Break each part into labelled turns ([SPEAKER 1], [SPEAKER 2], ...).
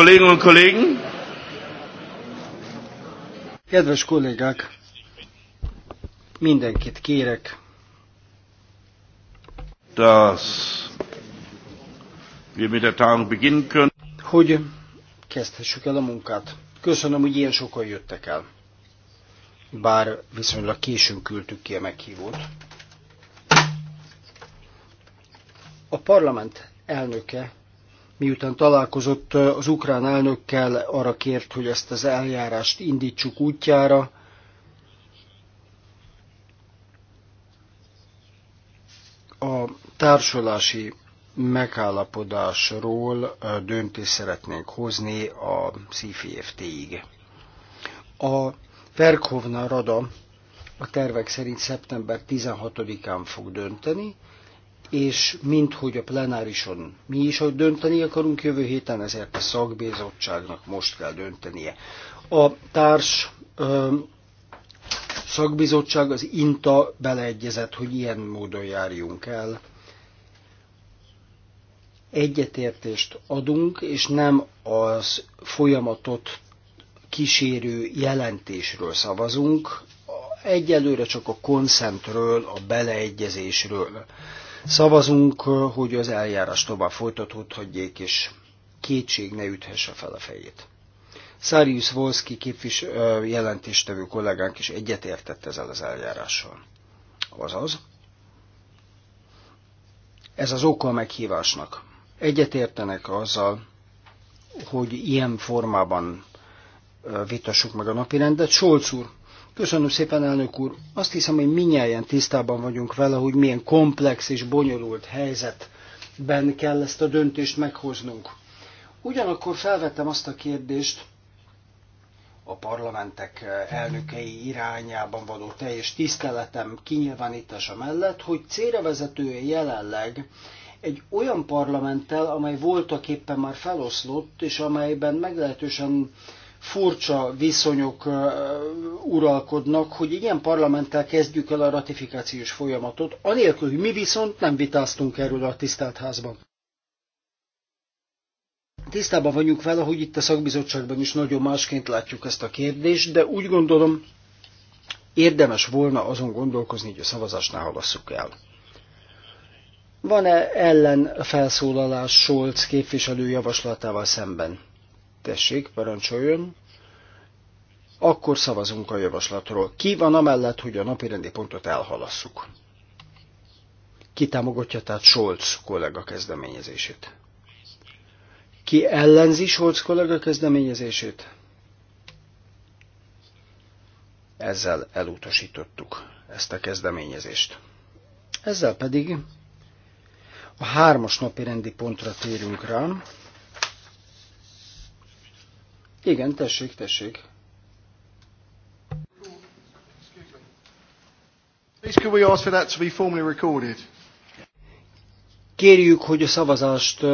[SPEAKER 1] Kolleginnen und Kollegen! Kedves kollégák! Mindenkit kérek.
[SPEAKER 2] Das wir mit der Tagung beginnen können.
[SPEAKER 1] Hogy kezdhessük el a munkát. Köszönöm, hogy ilyen sokan jöttek el. Bár viszonylag későn küldtük ki a meghívót. A parlament elnöke miután találkozott az ukrán elnökkel, arra kért, hogy ezt az eljárást indítsuk útjára. A társulási megállapodásról döntést szeretnénk hozni a CFT-ig. A Verkhovna Rada a tervek szerint szeptember 16-án fog dönteni, és minthogy a plenárison mi is, hogy dönteni akarunk jövő héten, ezért a szakbizottságnak most kell döntenie. A társ ö, szakbizottság, az INTA beleegyezett, hogy ilyen módon járjunk el. Egyetértést adunk, és nem az folyamatot kísérő jelentésről szavazunk, egyelőre csak a konszentről, a beleegyezésről szavazunk, hogy az eljárás tovább folytatódhatjék, és kétség ne üthesse fel a fejét. Szárius Volszki képvis jelentéstevő kollégánk is egyetértett ezzel az eljárással. Azaz, ez az oka a meghívásnak. Egyetértenek azzal, hogy ilyen formában vitassuk meg a napirendet. Solc úr, Köszönöm szépen, elnök úr. Azt hiszem, hogy minnyáján tisztában vagyunk vele, hogy milyen komplex és bonyolult helyzetben kell ezt a döntést meghoznunk. Ugyanakkor felvettem azt a kérdést, a parlamentek elnökei irányában való teljes tiszteletem kinyilvánítása mellett, hogy célra vezetője jelenleg egy olyan parlamenttel, amely voltak éppen már feloszlott, és amelyben meglehetősen furcsa viszonyok uralkodnak, hogy ilyen parlamenttel kezdjük el a ratifikációs folyamatot, anélkül, hogy mi viszont nem vitáztunk erről a tisztelt házban. Tisztában vagyunk vele, hogy itt a szakbizottságban is nagyon másként látjuk ezt a kérdést, de úgy gondolom, érdemes volna azon gondolkozni, hogy a szavazásnál halasszuk el. Van-e ellen felszólalás Scholz képviselő javaslatával szemben? Tessék, parancsoljon. Akkor szavazunk a javaslatról. Ki van amellett, hogy a napi rendi pontot elhalasszuk? Ki támogatja tehát Scholz kollega kezdeményezését? Ki ellenzi Scholz kollega kezdeményezését? Ezzel elutasítottuk ezt a kezdeményezést. Ezzel pedig a hármas napi rendi pontra térünk rá, igen, tessék, tessék. Kérjük, hogy a szavazást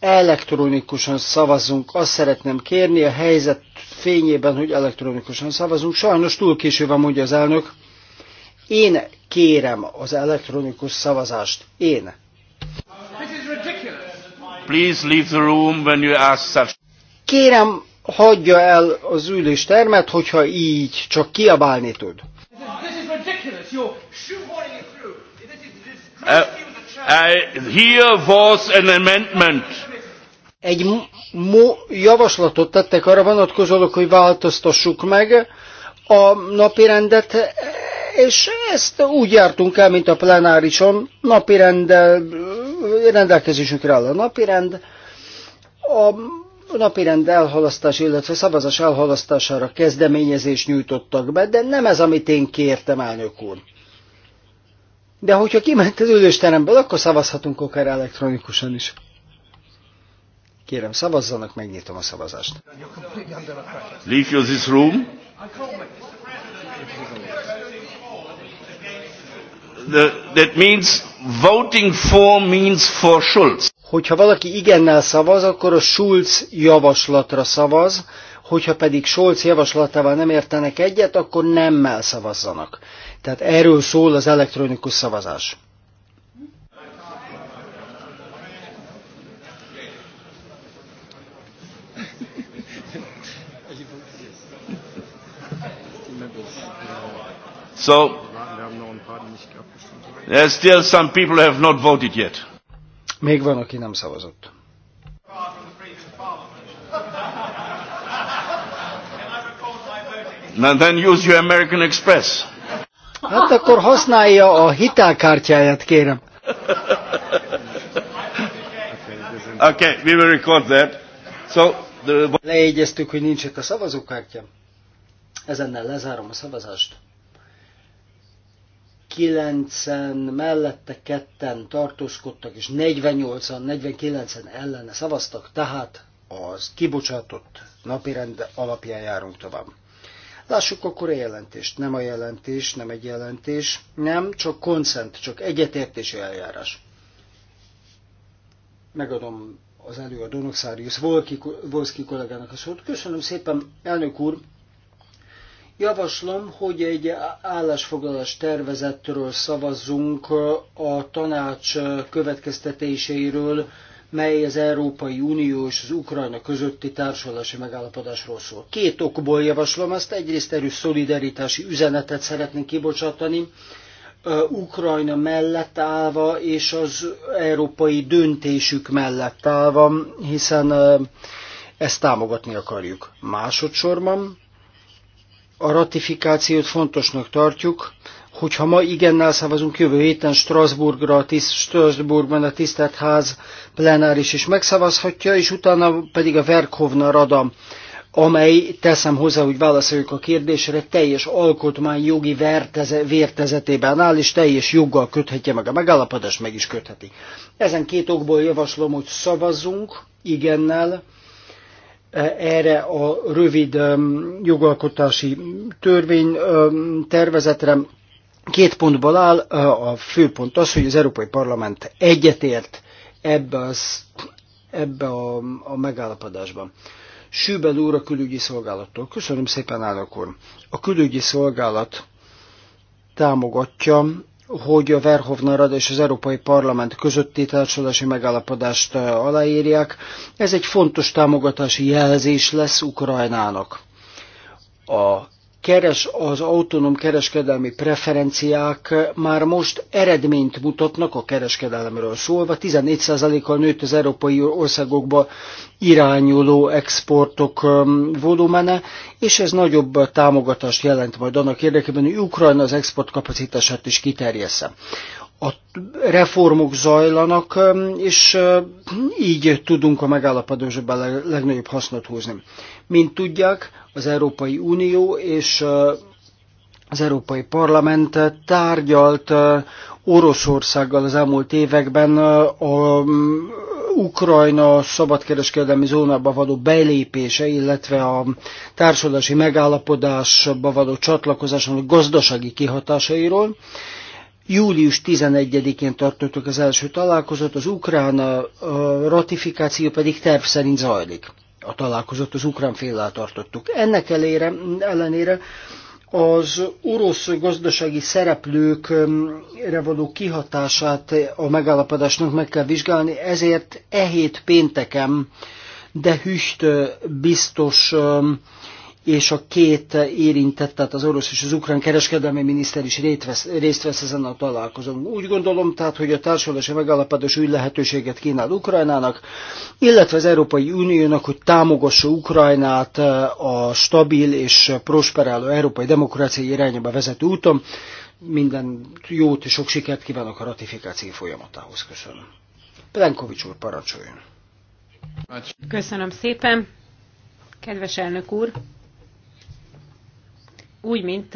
[SPEAKER 1] elektronikusan szavazunk. Azt szeretném kérni a helyzet fényében, hogy elektronikusan szavazunk. Sajnos túl késő van, mondja az elnök. Én kérem az elektronikus szavazást. Én.
[SPEAKER 2] Please leave the room when you ask such
[SPEAKER 1] Kérem, hagyja el az üléstermet, hogyha így csak kiabálni tud. Uh, Egy javaslatot tettek arra vonatkozólag, hogy változtassuk meg a napirendet, és ezt úgy jártunk el, mint a plenárison, napirendel, rendelkezésünkre áll a napirend. A a napirend elhalasztás, illetve szavazás elhalasztására kezdeményezést nyújtottak be, de nem ez, amit én kértem, elnök úr. De hogyha kiment az ülősteremből, akkor szavazhatunk akár elektronikusan is. Kérem, szavazzanak, megnyitom a szavazást. Leave you this room. The, that means voting for means for Schulz. Hogyha valaki igennel szavaz, akkor a Schulz javaslatra szavaz, hogyha pedig Scholz javaslatával nem értenek egyet, akkor nemmel szavazzanak. Tehát erről szól az elektronikus szavazás. So, there are still some people who have not voted yet. Még van, aki nem szavazott. And then use your American Express. Hát akkor használja a hitelkártyáját, kérem. okay, we will record that. So, the... Leégyeztük, hogy nincs itt a szavazókártya. Ezennel lezárom a szavazást. 49 en mellette ketten tartózkodtak, és 48-an, 49-en ellene szavaztak, tehát az kibocsátott napirend alapján járunk tovább. Lássuk akkor a jelentést. Nem a jelentés, nem egy jelentés, nem, csak konszent, csak egyetértési eljárás. Megadom az előadónak, Szárius Volszki kollégának a szót. Köszönöm szépen, elnök úr, Javaslom, hogy egy állásfoglalás tervezetről szavazzunk a tanács következtetéseiről, mely az Európai Unió és az Ukrajna közötti társulási megállapodásról szól. Két okból javaslom ezt. Egyrészt erős szolidaritási üzenetet szeretnénk kibocsátani, Ukrajna mellett állva és az európai döntésük mellett állva, hiszen ezt támogatni akarjuk. Másodszorban a ratifikációt fontosnak tartjuk, hogyha ma igennel szavazunk jövő héten Strasbourgra, a tiszt, Strasbourgban a tisztelt ház plenáris is megszavazhatja, és utána pedig a Verkhovna Rada, amely, teszem hozzá, hogy válaszoljuk a kérdésre, teljes jogi verteze, vértezetében áll, és teljes joggal köthetje meg a megállapodást, meg is kötheti. Ezen két okból javaslom, hogy szavazzunk igennel, erre a rövid jogalkotási törvény tervezetre. Két pontból áll, a fő pont az, hogy az Európai Parlament egyetért ebbe, az, ebbe a, a megállapodásban. Sűben úr a külügyi szolgálattól. Köszönöm szépen, állok úr. A külügyi szolgálat támogatja hogy a Verhovnarad és az Európai Parlament közötti társulási megállapodást aláírják. Ez egy fontos támogatási jelzés lesz Ukrajnának. A keres, az autonóm kereskedelmi preferenciák már most eredményt mutatnak a kereskedelemről szólva. 14%-kal nőtt az európai országokba irányuló exportok um, volumene, és ez nagyobb támogatást jelent majd annak érdekében, hogy Ukrajna az exportkapacitását is kiterjessze a reformok zajlanak, um, és uh, így tudunk a megállapodásban legnagyobb hasznot húzni. Mint tudják, az Európai Unió és az Európai Parlament tárgyalt Oroszországgal az elmúlt években a Ukrajna szabadkereskedelmi zónába való belépése, illetve a társadalmi megállapodásba való csatlakozásának gazdasági kihatásairól. Július 11-én tartottuk az első találkozót, az ukrán ratifikáció pedig terv szerint zajlik a találkozót az ukrán féllel tartottuk. Ennek elére, ellenére az orosz gazdasági szereplőkre való kihatását a megállapodásnak meg kell vizsgálni, ezért e hét pénteken de Hüst biztos és a két érintett, tehát az orosz és az ukrán kereskedelmi miniszter is vesz, részt vesz ezen a találkozón. Úgy gondolom tehát, hogy a társadalmi megállapodás új lehetőséget kínál Ukrajnának, illetve az Európai Uniónak, hogy támogassa Ukrajnát eh, a stabil és prosperáló európai demokrácia irányába vezető úton. Minden jót és sok sikert kívánok a ratifikáció folyamatához. Köszönöm. Plenkovics úr, parancsoljon. Köszönöm
[SPEAKER 3] szépen. Kedves elnök úr, úgy, mint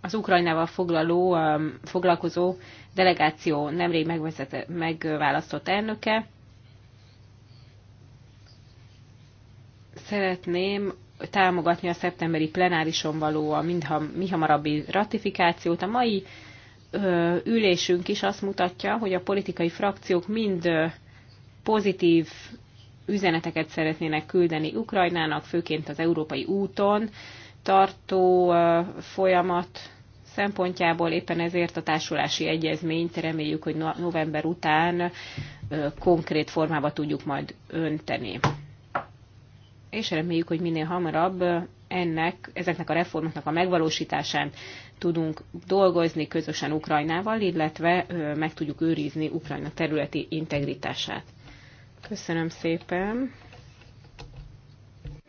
[SPEAKER 3] az Ukrajnával foglaló, foglalkozó delegáció nemrég megválasztott elnöke. Szeretném támogatni a szeptemberi plenárison való a mindha, mihamarabbi ratifikációt. A mai ö, ülésünk is azt mutatja, hogy a politikai frakciók mind ö, pozitív üzeneteket szeretnének küldeni Ukrajnának, főként az európai úton tartó folyamat szempontjából éppen ezért a társulási egyezményt reméljük, hogy november után konkrét formába tudjuk majd önteni. És reméljük, hogy minél hamarabb ennek, ezeknek a reformoknak a megvalósításán tudunk dolgozni közösen Ukrajnával, illetve meg tudjuk őrizni Ukrajna területi integritását. Köszönöm szépen.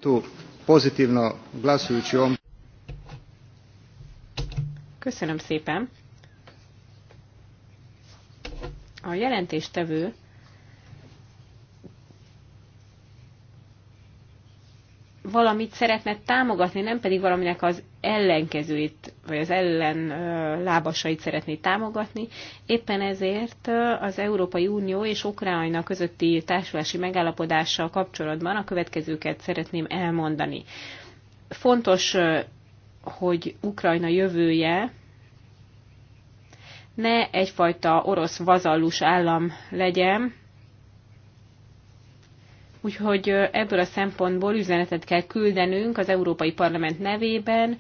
[SPEAKER 1] Tu pozitívna glasujući
[SPEAKER 3] Köszönöm szépen. A jelentéstevő valamit szeretne támogatni, nem pedig valaminek az ellenkezőit, vagy az ellen lábasait szeretné támogatni. Éppen ezért az Európai Unió és Ukrajna közötti társulási megállapodással kapcsolatban a következőket szeretném elmondani. Fontos, hogy Ukrajna jövője ne egyfajta orosz vazallus állam legyen, Úgyhogy ebből a szempontból üzenetet kell küldenünk az Európai Parlament nevében,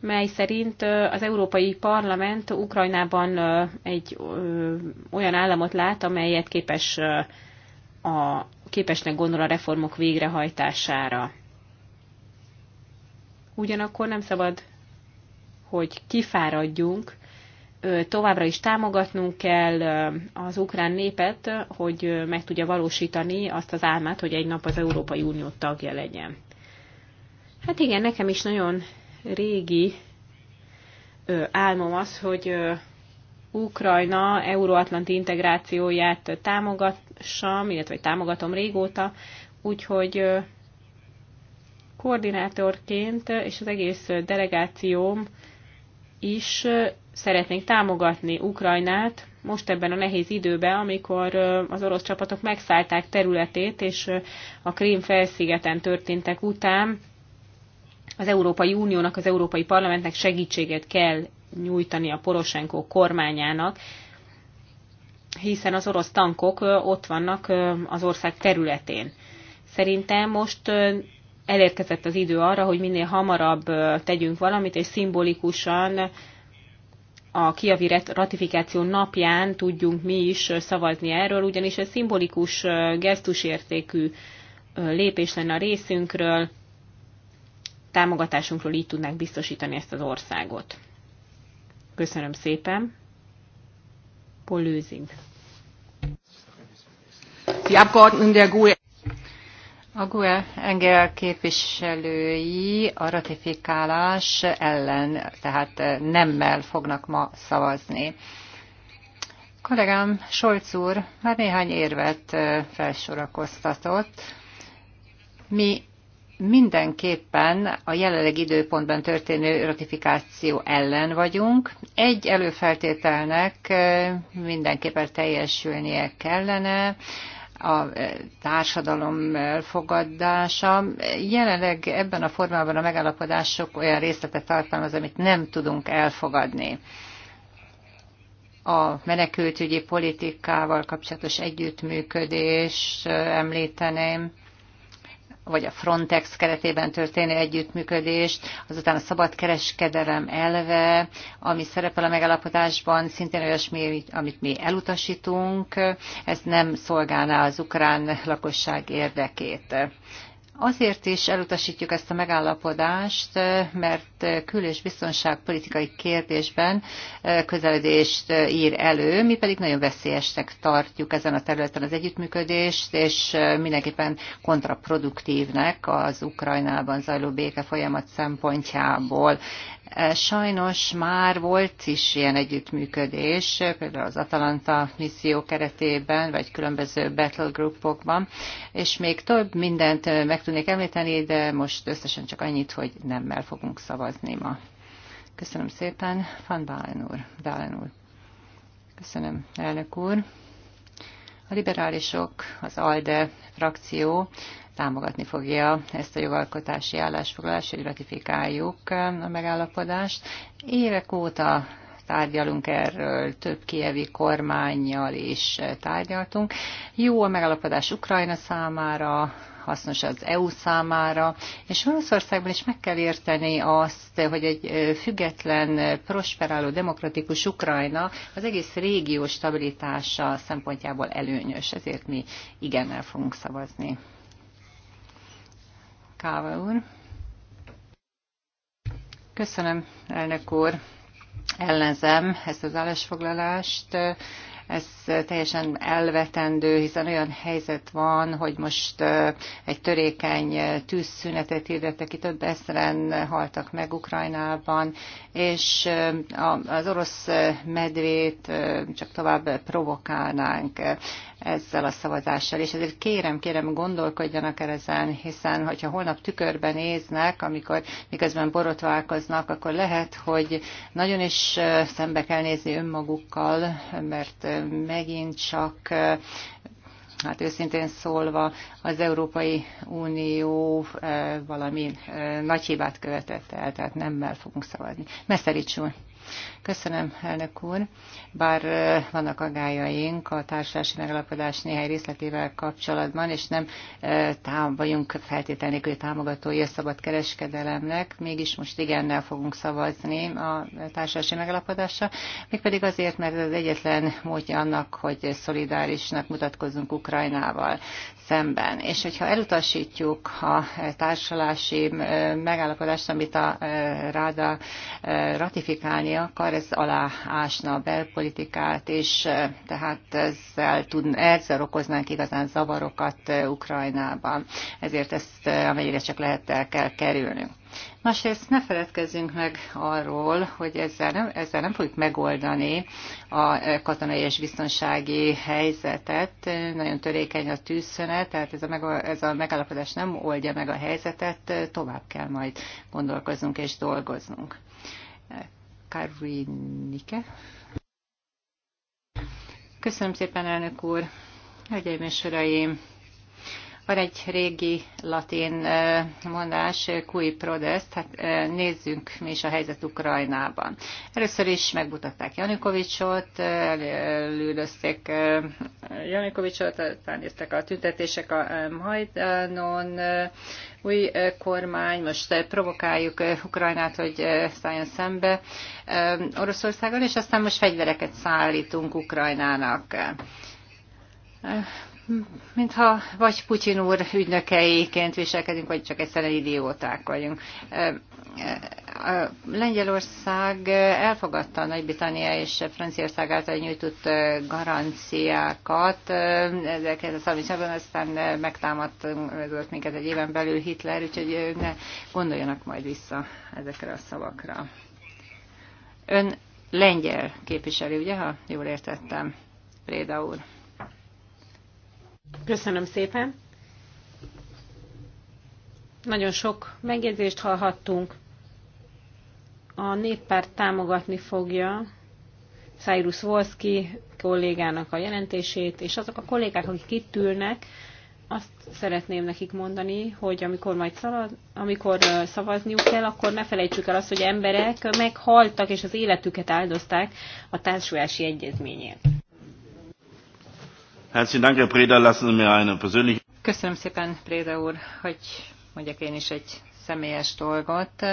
[SPEAKER 3] mely szerint az Európai Parlament Ukrajnában egy olyan államot lát, amelyet képes a, képesnek gondol a reformok végrehajtására. Ugyanakkor nem szabad, hogy kifáradjunk továbbra is támogatnunk kell az ukrán népet, hogy meg tudja valósítani azt az álmát, hogy egy nap az Európai Unió tagja legyen. Hát igen, nekem is nagyon régi álmom az, hogy Ukrajna euróatlanti integrációját támogassam, illetve támogatom régóta, úgyhogy koordinátorként és az egész delegációm is szeretnénk támogatni Ukrajnát most ebben a nehéz időben, amikor az orosz csapatok megszállták területét, és a Krím felszigeten történtek után az Európai Uniónak, az Európai Parlamentnek segítséget kell nyújtani a Poroshenko kormányának, hiszen az orosz tankok ott vannak az ország területén. Szerintem most elérkezett az idő arra, hogy minél hamarabb tegyünk valamit, és szimbolikusan a kiavi ratifikáció napján tudjunk mi is szavazni erről, ugyanis ez szimbolikus gesztusértékű lépés lenne a részünkről, támogatásunkról így tudnánk biztosítani ezt az országot. Köszönöm szépen. Polőzing! Die Abgeordneten der GUE a
[SPEAKER 2] GUE Engel képviselői a ratifikálás ellen, tehát nemmel fognak ma szavazni. Kollégám Solc úr már néhány érvet felsorakoztatott. Mi mindenképpen a jelenleg időpontban történő ratifikáció ellen vagyunk. Egy előfeltételnek mindenképpen teljesülnie kellene, a eh, társadalom elfogadása. Jelenleg ebben a formában a megállapodás sok olyan részletet tartalmaz, amit nem tudunk elfogadni. A menekültügyi politikával kapcsolatos együttműködés eh, említeném vagy a Frontex keretében történő együttműködést, azután a szabadkereskedelem elve, ami szerepel a megállapodásban, szintén olyasmi, amit mi elutasítunk, ez nem szolgálná az ukrán lakosság érdekét. Azért is elutasítjuk ezt a megállapodást, mert kül- és biztonságpolitikai kérdésben közeledést ír elő, mi pedig nagyon veszélyesnek tartjuk ezen a területen az együttműködést, és mindenképpen kontraproduktívnek az Ukrajnában zajló béke folyamat szempontjából. E, sajnos már volt is ilyen együttműködés, például az Atalanta misszió keretében, vagy különböző battle groupokban, és még több mindent e, meg tudnék említeni, de most összesen csak annyit, hogy nemmel fogunk szavazni ma. Köszönöm szépen, Van Bálen úr, Bálen úr. Köszönöm, elnök úr. A liberálisok, az ALDE frakció támogatni fogja ezt a jogalkotási állásfoglalást, hogy ratifikáljuk a megállapodást. Évek óta tárgyalunk erről, több kievi kormányjal is tárgyaltunk. Jó a megalapodás Ukrajna számára, hasznos az EU számára, és Oroszországban is meg kell érteni azt, hogy egy független, prosperáló, demokratikus Ukrajna az egész régió stabilitása szempontjából előnyös, ezért mi igennel fogunk szavazni. Káva úr. Köszönöm, elnök úr ellenzem ezt az állásfoglalást, ez teljesen elvetendő, hiszen olyan helyzet van, hogy most egy törékeny tűzszünetet hirdettek ki, több ezeren haltak meg Ukrajnában, és az orosz medvét csak tovább provokálnánk ezzel a szavazással. És ezért kérem, kérem, gondolkodjanak el ezen, hiszen hogyha holnap tükörben néznek, amikor miközben borotválkoznak, akkor lehet, hogy nagyon is szembe kell nézni önmagukkal, mert megint csak hát őszintén szólva az Európai Unió eh, valami eh, nagy hibát követett el, tehát nemmel fogunk szavazni. Meszerics Köszönöm, elnök úr. Bár vannak agályaink a társulási megalapodás néhány részletével kapcsolatban, és nem vagyunk feltétlenül nélkül támogatói a szabad kereskedelemnek, mégis most igennel fogunk szavazni a társulási megalapodásra, mégpedig azért, mert ez az egyetlen módja annak, hogy szolidárisnak mutatkozzunk Ukrajnával szemben. És hogyha elutasítjuk a társulási megállapodást, amit a Ráda ratifikálnia akar, ez aláásna a belpolitikát, és tehát ezzel, tud, ezzel okoznánk igazán zavarokat Ukrajnában. Ezért ezt amennyire csak lehet el kell kerülnünk. Másrészt ne feledkezzünk meg arról, hogy ezzel nem, ezzel nem fogjuk megoldani a katonai és biztonsági helyzetet. Nagyon törékeny a tűzszönet, tehát ez a, meg, ez a megállapodás nem oldja meg a helyzetet, tovább kell majd gondolkoznunk és dolgoznunk. Karvinike. Köszönöm szépen, elnök úr! Hölgyeim és uraim! Van egy régi latin mondás, cui prodest, hát nézzünk mi is a helyzet Ukrajnában. Először is megmutatták Janikovicsot, elüldözték Janikovicsot, aztán jöttek a tüntetések a Majdanon, új kormány, most provokáljuk Ukrajnát, hogy szálljon szembe Oroszországon, és aztán most fegyvereket szállítunk Ukrajnának mintha vagy Putyin úr ügynökeiként viselkedünk, vagy csak egyszerűen idióták vagyunk. Lengyelország elfogadta Nagy-Britannia és Franciaország által nyújtott garanciákat. a ben aztán volt minket egy éven belül Hitler, úgyhogy ne gondoljanak majd vissza ezekre a szavakra. Ön lengyel képviselő, ugye, ha jól értettem, Préda úr?
[SPEAKER 3] Köszönöm szépen. Nagyon sok megjegyzést hallhattunk. A néppárt támogatni fogja Cyrus Wolski kollégának a jelentését, és azok a kollégák, akik itt ülnek, azt szeretném nekik mondani, hogy amikor majd szavaz, amikor szavazniuk kell, akkor ne felejtsük el azt, hogy emberek meghaltak és az életüket áldozták a társulási egyezményért. Köszönöm szépen, Préda úr, hogy
[SPEAKER 2] mondjak én is egy személyes dolgot.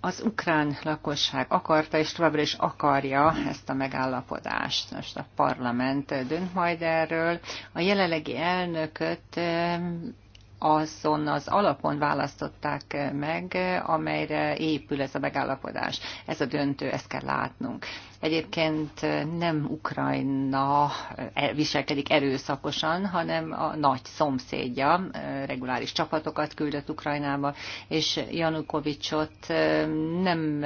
[SPEAKER 2] Az ukrán lakosság akarta és továbbra is akarja ezt a megállapodást. Most a parlament dönt majd erről. A jelenlegi elnököt azon az alapon választották meg, amelyre épül ez a megállapodás. Ez a döntő, ezt kell látnunk. Egyébként nem Ukrajna e, viselkedik erőszakosan, hanem a nagy szomszédja e, reguláris csapatokat küldött Ukrajnába, és Janukovicsot e, nem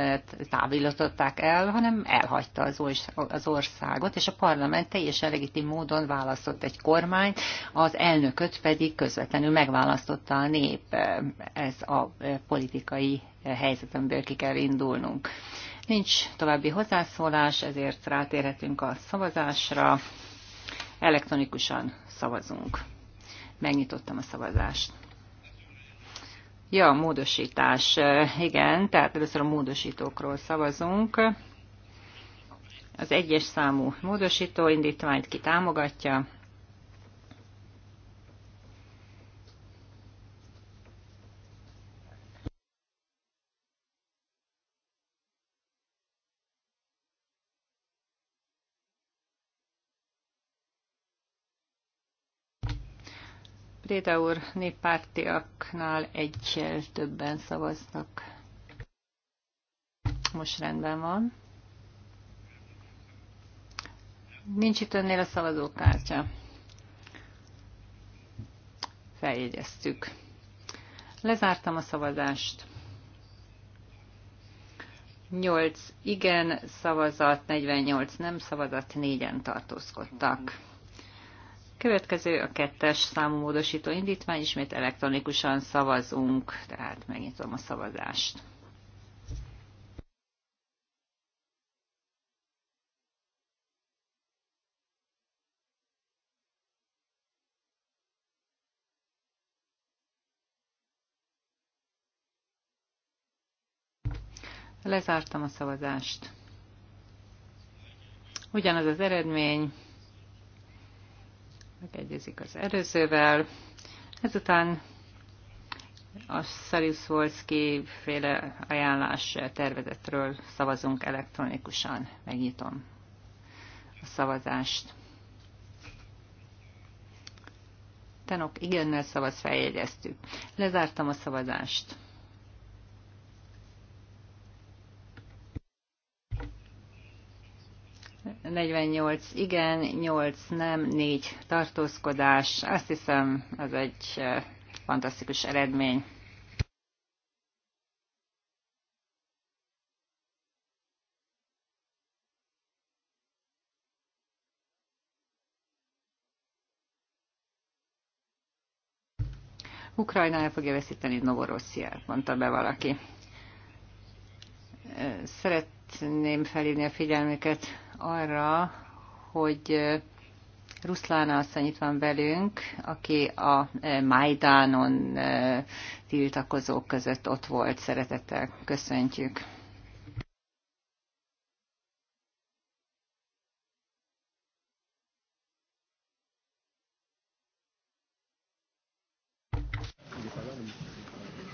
[SPEAKER 2] távillatották el, hanem elhagyta az országot, és a parlament teljesen legitim módon választott egy kormányt, az elnököt pedig közvetlenül megválasztotta a nép. Ez a politikai helyzetemből ki kell indulnunk. Nincs további hozzászólás, ezért rátérhetünk a szavazásra. Elektronikusan szavazunk. Megnyitottam a szavazást. Ja, módosítás. Igen, tehát először a módosítókról szavazunk. Az egyes számú módosító indítványt ki támogatja, Préda úr, néppártiaknál egyel többen szavaznak. Most rendben van. Nincs itt önnél a szavazókártya. Feljegyeztük. Lezártam a szavazást. 8 igen szavazat, 48 nem szavazat, négyen tartózkodtak. Következő a kettes számú módosító indítvány, ismét elektronikusan szavazunk, tehát megnyitom a szavazást. Lezártam a szavazást. Ugyanaz az eredmény, megegyezik az előzővel. Ezután a Szariusz-Volszki féle ajánlás tervezetről szavazunk elektronikusan. Megnyitom a szavazást. Tenok igennel szavaz feljegyeztük. Lezártam a szavazást. 48 igen, 8 nem, 4 tartózkodás. Azt hiszem, ez egy eh, fantasztikus eredmény. Ukrajna el fogja veszíteni Novorossziát, mondta be valaki. Eh, szeretném felírni a figyelmüket arra, hogy Ruszlána asszony itt van velünk, aki a Majdánon tiltakozók között ott volt. Szeretettel köszöntjük.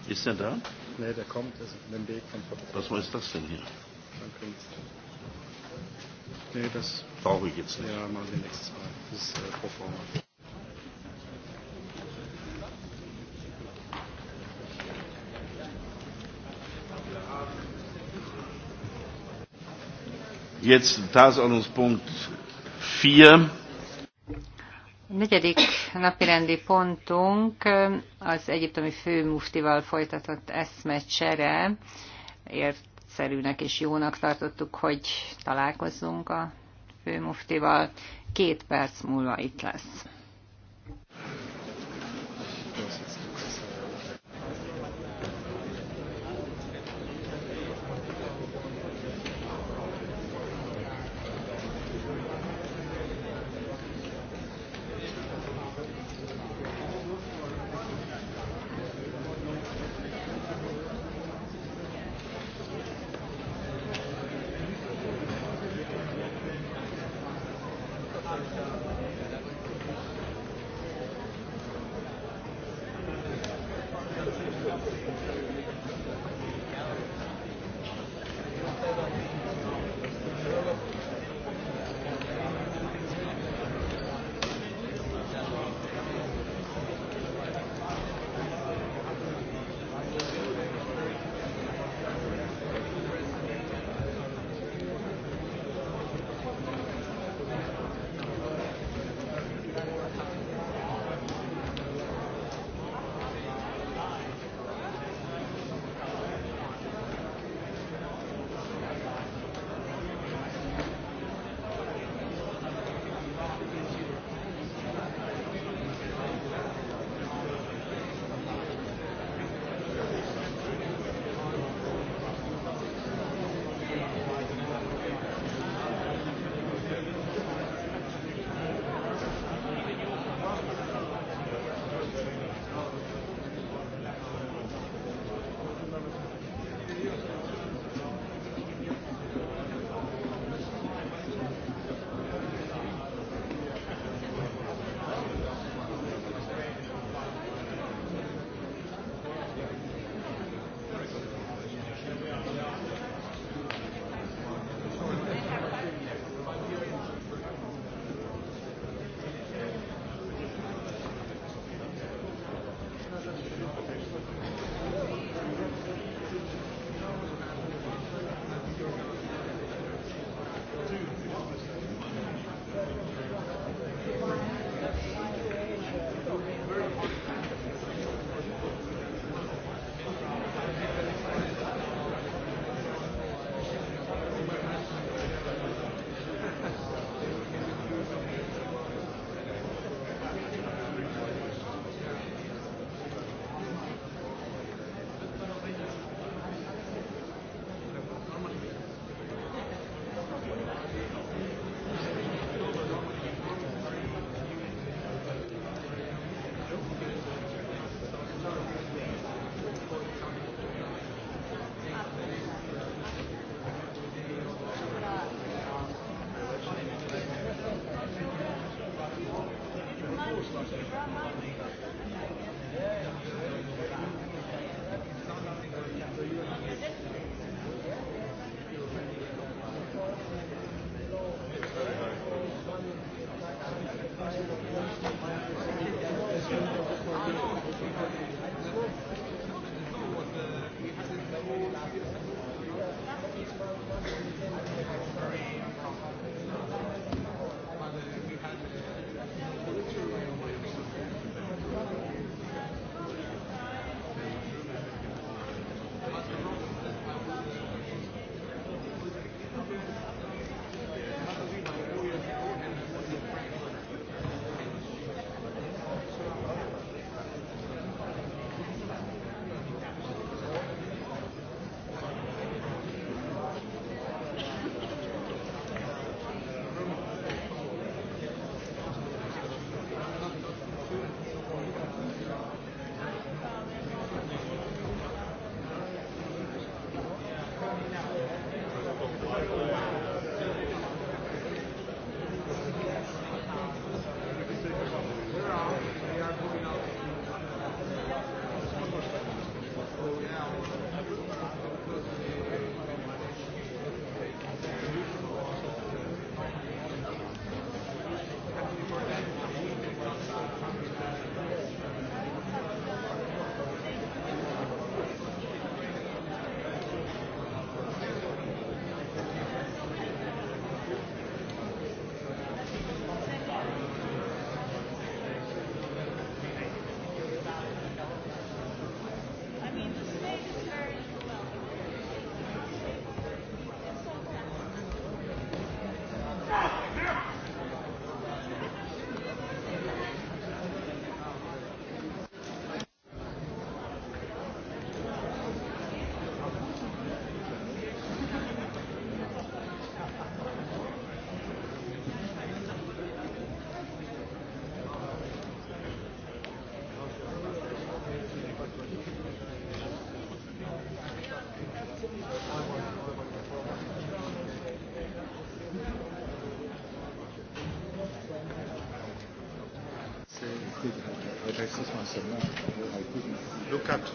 [SPEAKER 3] Ist er da? Nee, der kommt, ist auf dem Weg von er. Was ist das denn hier? Nee, das brauche ich jetzt nicht. Ja, machen wir nächstes Mal. Das ist äh, pro forma.
[SPEAKER 2] Jetzt Tagesordnungspunkt 4. Negyedik napi rendi pontunk az egyiptomi főmuftival folytatott eszmecsere ért célszerűnek és jónak tartottuk, hogy találkozzunk a főmuftival. Két perc múlva itt lesz.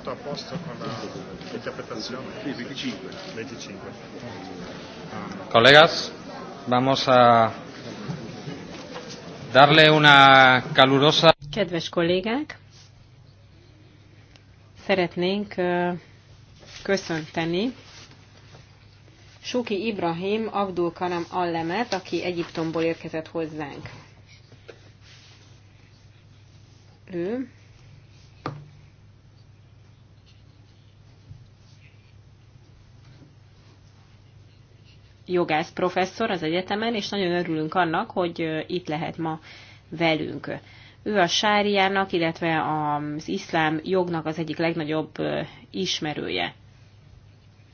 [SPEAKER 3] tutto a posto con la interpretazione? Sì, 25. 25. Ah.
[SPEAKER 1] Collegas, vamos a darle una calurosa...
[SPEAKER 3] Kedves kollégák, szeretnénk köszönteni Suki Ibrahim Abdul Karam Allemet, aki Egyiptomból érkezett hozzánk. Ő jogász professzor az egyetemen, és nagyon örülünk annak, hogy itt lehet ma velünk. Ő a sáriának, illetve az iszlám jognak az egyik legnagyobb ismerője.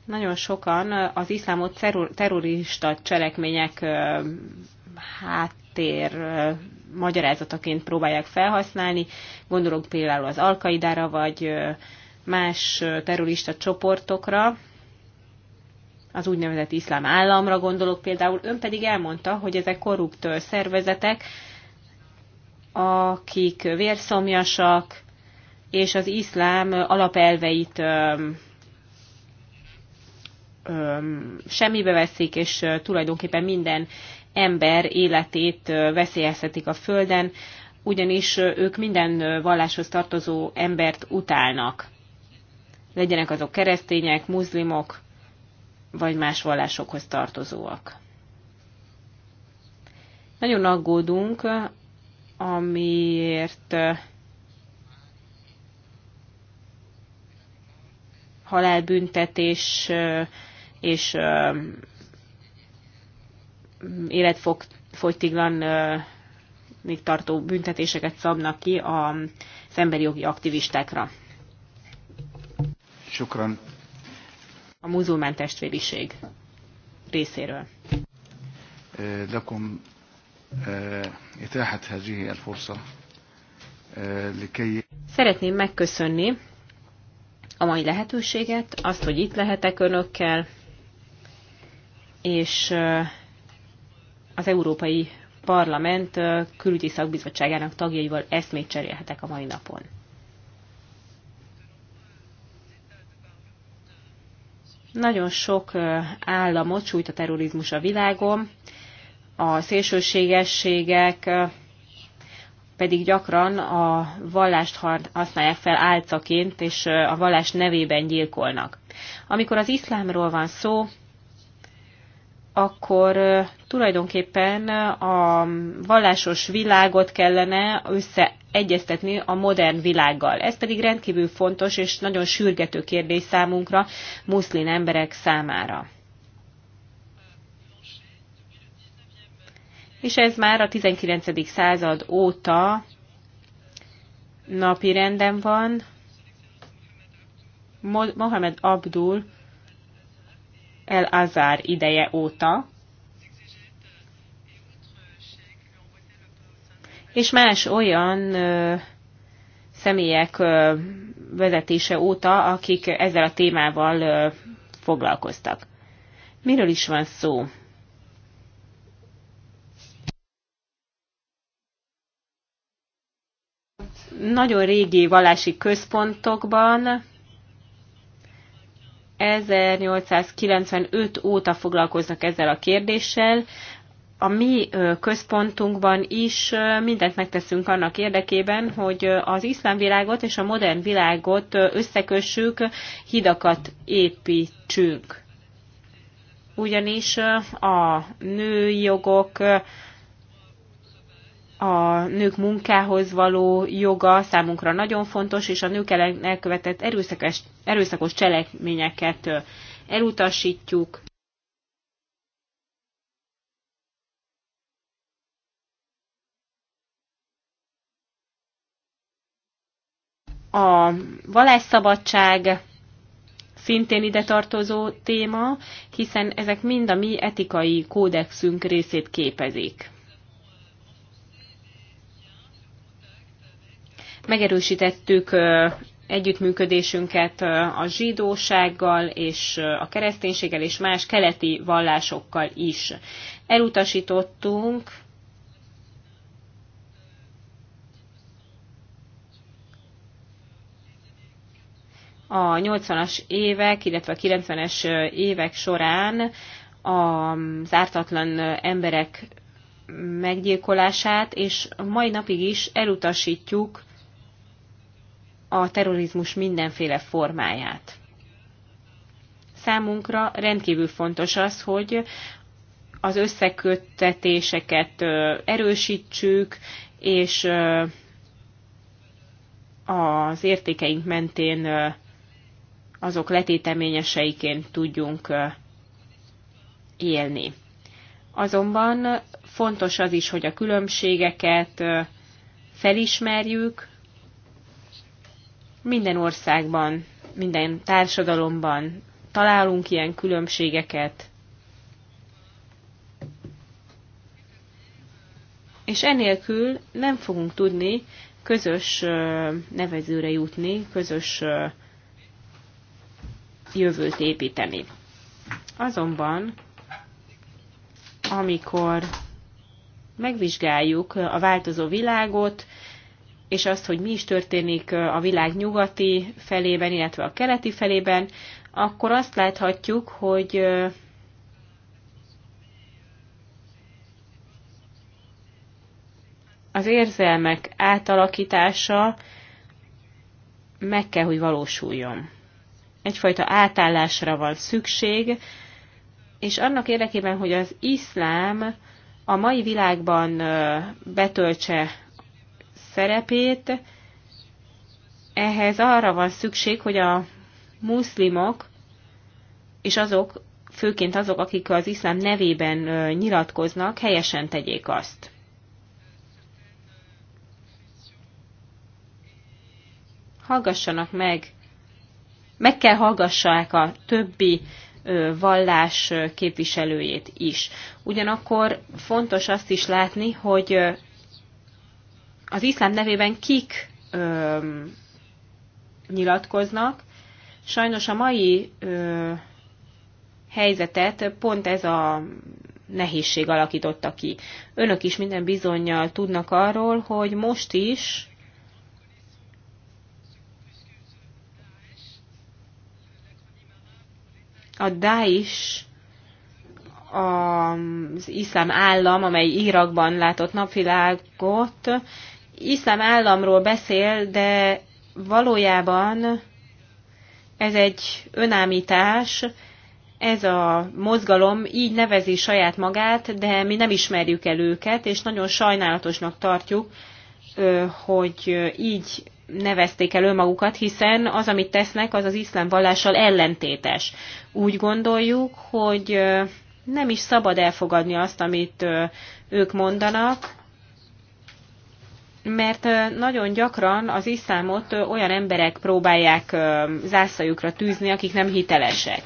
[SPEAKER 3] Nagyon sokan az iszlámot terrorista cselekmények háttér magyarázataként próbálják felhasználni, gondolok például az Alkaidára, vagy más terrorista csoportokra, az úgynevezett iszlám államra gondolok például, ön pedig elmondta, hogy ezek korrupt szervezetek, akik vérszomjasak, és az iszlám alapelveit öm, öm, semmibe veszik, és tulajdonképpen minden ember életét veszélyeztetik a földen ugyanis ők minden valláshoz tartozó embert utálnak. Legyenek azok keresztények, muzlimok, vagy más vallásokhoz tartozóak. Nagyon aggódunk, amiért eh, halálbüntetés eh, és eh, még tartó büntetéseket szabnak ki az emberi jogi aktivistákra. Sokran a muzulmán testvériség részéről.
[SPEAKER 1] لكم إتاحة هذه الفرصة لكي
[SPEAKER 3] Szeretném megköszönni a mai lehetőséget, azt, hogy itt lehetek önökkel, és az Európai Parlament külügyi szakbizottságának tagjaival még cserélhetek a mai napon. Nagyon sok államot sújt a terrorizmus a világon, a szélsőségességek pedig gyakran a vallást használják fel álcaként, és a vallás nevében gyilkolnak. Amikor az iszlámról van szó, akkor tulajdonképpen a vallásos világot kellene összeegyeztetni a modern világgal. Ez pedig rendkívül fontos és nagyon sürgető kérdés számunkra, muszlim emberek számára. És ez már a 19. század óta napi renden van. Mohamed Abdul el Azár ideje óta, és más olyan ö, személyek ö, vezetése óta, akik ezzel a témával ö, foglalkoztak. Miről is van szó? Nagyon régi vallási központokban 1895 óta foglalkoznak ezzel a kérdéssel. A mi központunkban is mindent megteszünk annak érdekében, hogy az iszlám világot és a modern világot összekössük, hidakat építsünk. Ugyanis a női jogok, a nők munkához való joga számunkra nagyon fontos, és a nők ellen elkövetett erőszakos, erőszakos cselekményeket elutasítjuk. A vallásszabadság szintén ide tartozó téma, hiszen ezek mind a mi etikai kódexünk részét képezik. Megerősítettük együttműködésünket a zsidósággal és a kereszténységgel és más keleti vallásokkal is. Elutasítottunk a 80-as évek, illetve a 90-es évek során az ártatlan emberek meggyilkolását, és mai napig is elutasítjuk a terrorizmus mindenféle formáját. Számunkra rendkívül fontos az, hogy az összeköttetéseket erősítsük, és az értékeink mentén azok letéteményeseiként tudjunk élni. Azonban fontos az is, hogy a különbségeket felismerjük, minden országban, minden társadalomban találunk ilyen különbségeket. És enélkül nem fogunk tudni közös nevezőre jutni, közös jövőt építeni. Azonban, amikor megvizsgáljuk a változó világot, és azt, hogy mi is történik a világ nyugati felében, illetve a keleti felében, akkor azt láthatjuk, hogy az érzelmek átalakítása meg kell, hogy valósuljon. Egyfajta átállásra van szükség, és annak érdekében, hogy az iszlám a mai világban betöltse szerepét. Ehhez arra van szükség, hogy a muszlimok és azok, főként azok, akik az iszlám nevében nyilatkoznak, helyesen tegyék azt. Hallgassanak meg, meg kell hallgassák a többi vallás képviselőjét is. Ugyanakkor fontos azt is látni, hogy az iszlám nevében kik ö, nyilatkoznak. Sajnos a mai ö, helyzetet pont ez a nehézség alakította ki. Önök is minden bizonyal tudnak arról, hogy most is a Daesh az iszlám állam, amely Irakban látott napvilágot, iszlám államról beszél, de valójában ez egy önámítás, ez a mozgalom így nevezi saját magát, de mi nem ismerjük el őket, és nagyon sajnálatosnak tartjuk, hogy így nevezték el önmagukat, hiszen az, amit tesznek, az az iszlám vallással ellentétes. Úgy gondoljuk, hogy nem is szabad elfogadni azt, amit ők mondanak, mert nagyon gyakran az iszlámot olyan emberek próbálják zászajukra tűzni, akik nem hitelesek.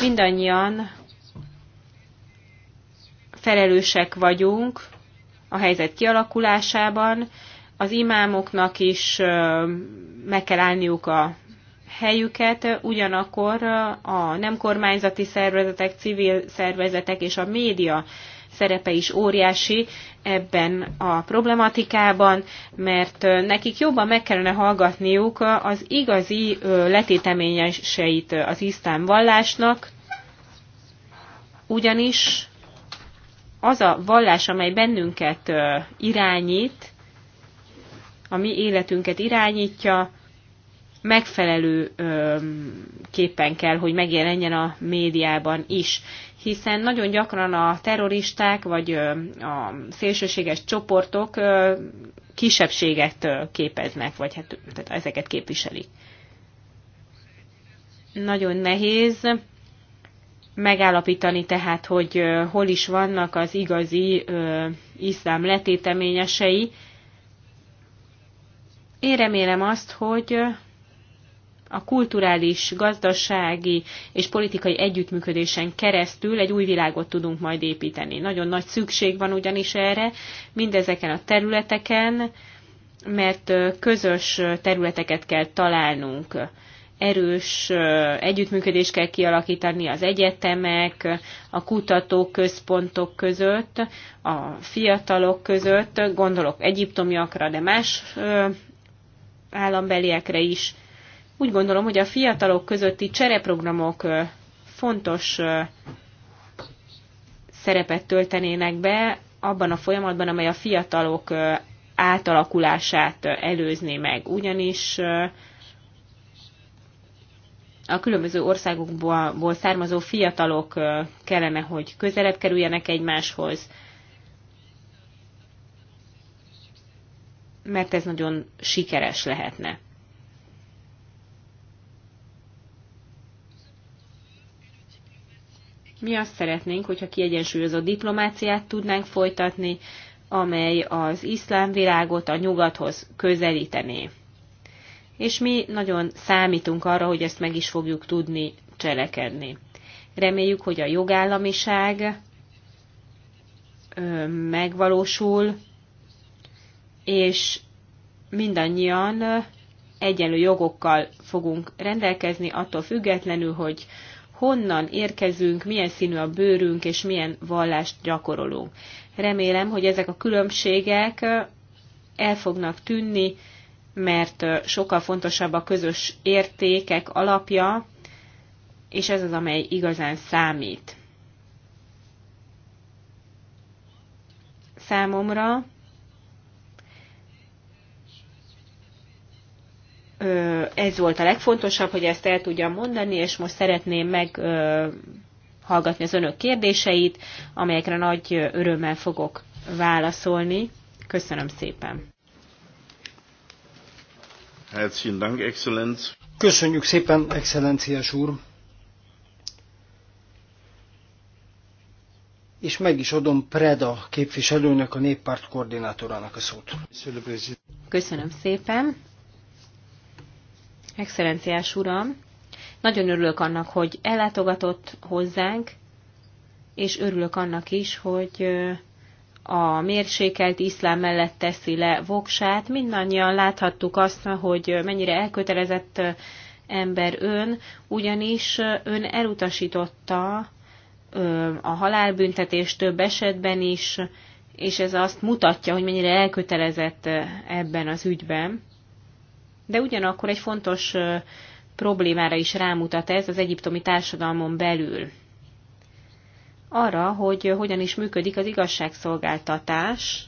[SPEAKER 3] Mindannyian felelősek vagyunk a helyzet kialakulásában, az imámoknak is meg kell állniuk a helyüket, ugyanakkor a nem kormányzati szervezetek, civil szervezetek és a média szerepe is óriási ebben a problematikában, mert nekik jobban meg kellene hallgatniuk az igazi letéteményeseit az isztán vallásnak, ugyanis az a vallás, amely bennünket irányít, a mi életünket irányítja, megfelelő képpen kell, hogy megjelenjen a médiában is hiszen nagyon gyakran a terroristák vagy a szélsőséges csoportok kisebbséget képeznek, vagy hát tehát ezeket képviselik. Nagyon nehéz megállapítani tehát, hogy hol is vannak az igazi iszlám letéteményesei. Én remélem azt, hogy a kulturális, gazdasági és politikai együttműködésen keresztül egy új világot tudunk majd építeni. Nagyon nagy szükség van ugyanis erre, mindezeken a területeken, mert közös területeket kell találnunk. Erős együttműködést kell kialakítani az egyetemek, a kutatóközpontok között, a fiatalok között, gondolok egyiptomiakra, de más állambeliekre is, úgy gondolom, hogy a fiatalok közötti csereprogramok fontos szerepet töltenének be abban a folyamatban, amely a fiatalok átalakulását előzné meg. Ugyanis a különböző országokból származó fiatalok kellene, hogy közelebb kerüljenek egymáshoz, mert ez nagyon sikeres lehetne. Mi azt szeretnénk, hogyha kiegyensúlyozott diplomáciát tudnánk folytatni, amely az iszlám világot a nyugathoz közelítené. És mi nagyon számítunk arra, hogy ezt meg is fogjuk tudni cselekedni. Reméljük, hogy a jogállamiság megvalósul, és mindannyian egyenlő jogokkal fogunk rendelkezni, attól függetlenül, hogy honnan érkezünk, milyen színű a bőrünk, és milyen vallást gyakorolunk. Remélem, hogy ezek a különbségek el fognak tűnni, mert sokkal fontosabb a közös értékek alapja, és ez az, amely igazán számít. Számomra ez volt a legfontosabb, hogy ezt el tudjam mondani, és most szeretném meg hallgatni az önök kérdéseit, amelyekre nagy örömmel fogok válaszolni. Köszönöm
[SPEAKER 1] szépen!
[SPEAKER 2] Herzlichen Dank, Exzellenz.
[SPEAKER 1] Köszönjük szépen, Excellenciás úr! És meg is adom Preda képviselőnek, a néppárt koordinátorának a szót. Köszönöm
[SPEAKER 3] szépen! Excellenciás Uram, nagyon örülök annak, hogy ellátogatott hozzánk, és örülök annak is, hogy a mérsékelt iszlám mellett teszi le voksát. Mindannyian láthattuk azt, hogy mennyire elkötelezett ember ön, ugyanis ön elutasította a halálbüntetést több esetben is, és ez azt mutatja, hogy mennyire elkötelezett ebben az ügyben de ugyanakkor egy fontos problémára is rámutat ez az egyiptomi társadalmon belül. Arra, hogy hogyan is működik az igazságszolgáltatás,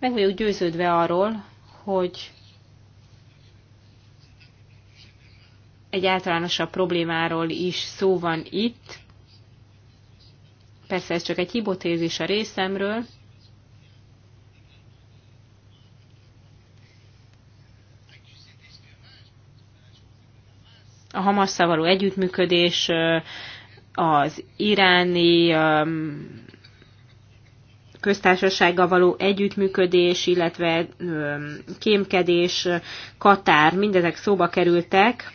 [SPEAKER 3] meg vagyok győződve arról, hogy egy általánosabb problémáról is szó van itt. Persze ez csak egy hipotézis a részemről, a Hamasszal való együttműködés, az iráni köztársasággal való együttműködés, illetve kémkedés, Katár, mindezek szóba kerültek.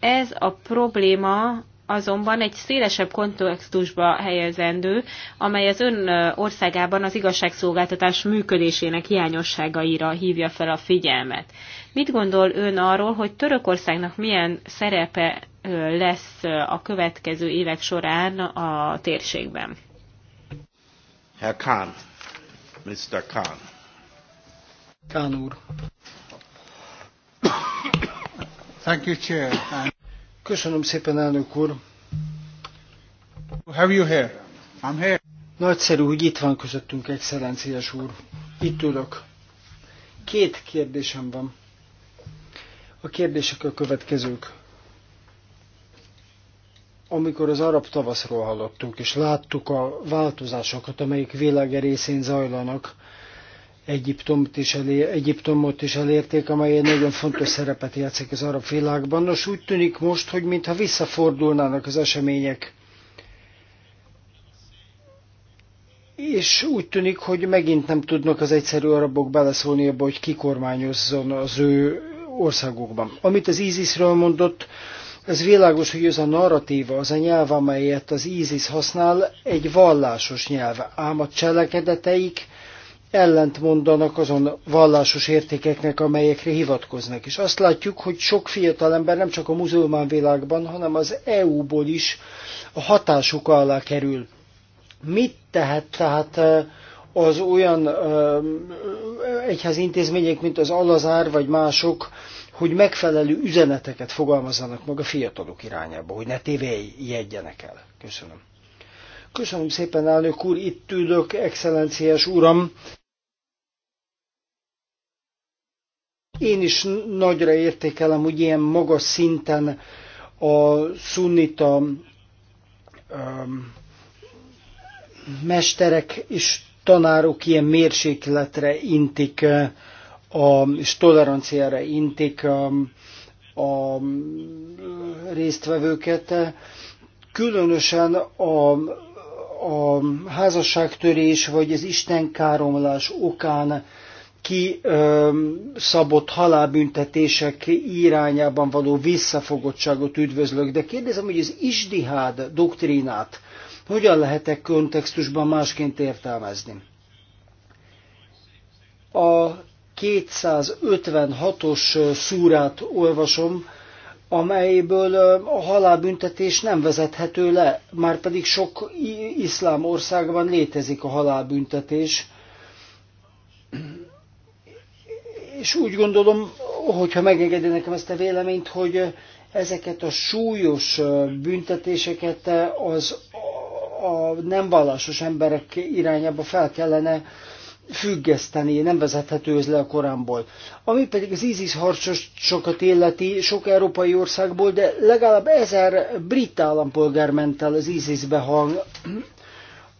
[SPEAKER 3] Ez a probléma azonban egy szélesebb kontextusba helyezendő, amely az ön országában az igazságszolgáltatás működésének hiányosságaira hívja fel a figyelmet. Mit gondol ön arról, hogy Törökországnak milyen szerepe lesz a következő évek során a térségben?
[SPEAKER 2] Herr Kahn, Mr. Kahn.
[SPEAKER 1] Kahn úr. Thank you, Chair. Köszönöm szépen, elnök úr. Have you here? I'm here. Nagyszerű, hogy itt van közöttünk, excellenciás úr. Itt ülök. Két kérdésem van. A kérdések a következők. Amikor az arab tavaszról hallottunk, és láttuk a változásokat, amelyik világ részén zajlanak, Egyiptomot is, elér, Egyiptomot is elérték, amely egy nagyon fontos szerepet játszik az arab világban. Nos, úgy tűnik most, hogy mintha visszafordulnának az események. És úgy tűnik, hogy megint nem tudnak az egyszerű arabok beleszólni abba, hogy kikormányozzon az ő országokban. Amit az ISIS-ről mondott, ez világos, hogy ez a narratíva, az a nyelv, amelyet az ISIS használ, egy vallásos nyelv, ám a cselekedeteik mondanak azon vallásos értékeknek, amelyekre hivatkoznak. És azt látjuk, hogy sok fiatalember nem csak a muzulmán világban, hanem az EU-ból is a hatásuk alá kerül. Mit tehet tehát az olyan egyház intézmények, mint az Alazár vagy mások, hogy megfelelő üzeneteket fogalmazzanak meg a fiatalok irányába, hogy ne tévéjegyenek el. Köszönöm. Köszönöm szépen, elnök úr, itt ülök, excellenciás uram. Én is nagyra értékelem, hogy ilyen magas szinten a szunnita um, mesterek és tanárok ilyen mérsékletre intik, a, és toleranciára intik a, a résztvevőket. Különösen a, a házasságtörés vagy az istenkáromlás okán ki szabott halálbüntetések irányában való visszafogottságot üdvözlök, de kérdezem, hogy az isdihád doktrínát hogyan lehetek kontextusban másként értelmezni? A 256-os szúrát olvasom, amelyből a halálbüntetés nem vezethető le, már pedig sok iszlám országban létezik a halálbüntetés, És úgy gondolom, hogyha megengedi nekem ezt a véleményt, hogy ezeket a súlyos büntetéseket az a nem vallásos emberek irányába fel kellene függeszteni, nem vezethető ez le a koránból. Ami pedig az ISIS harcosokat illeti sok európai országból, de legalább ezer brit állampolgár ment el az ISIS-be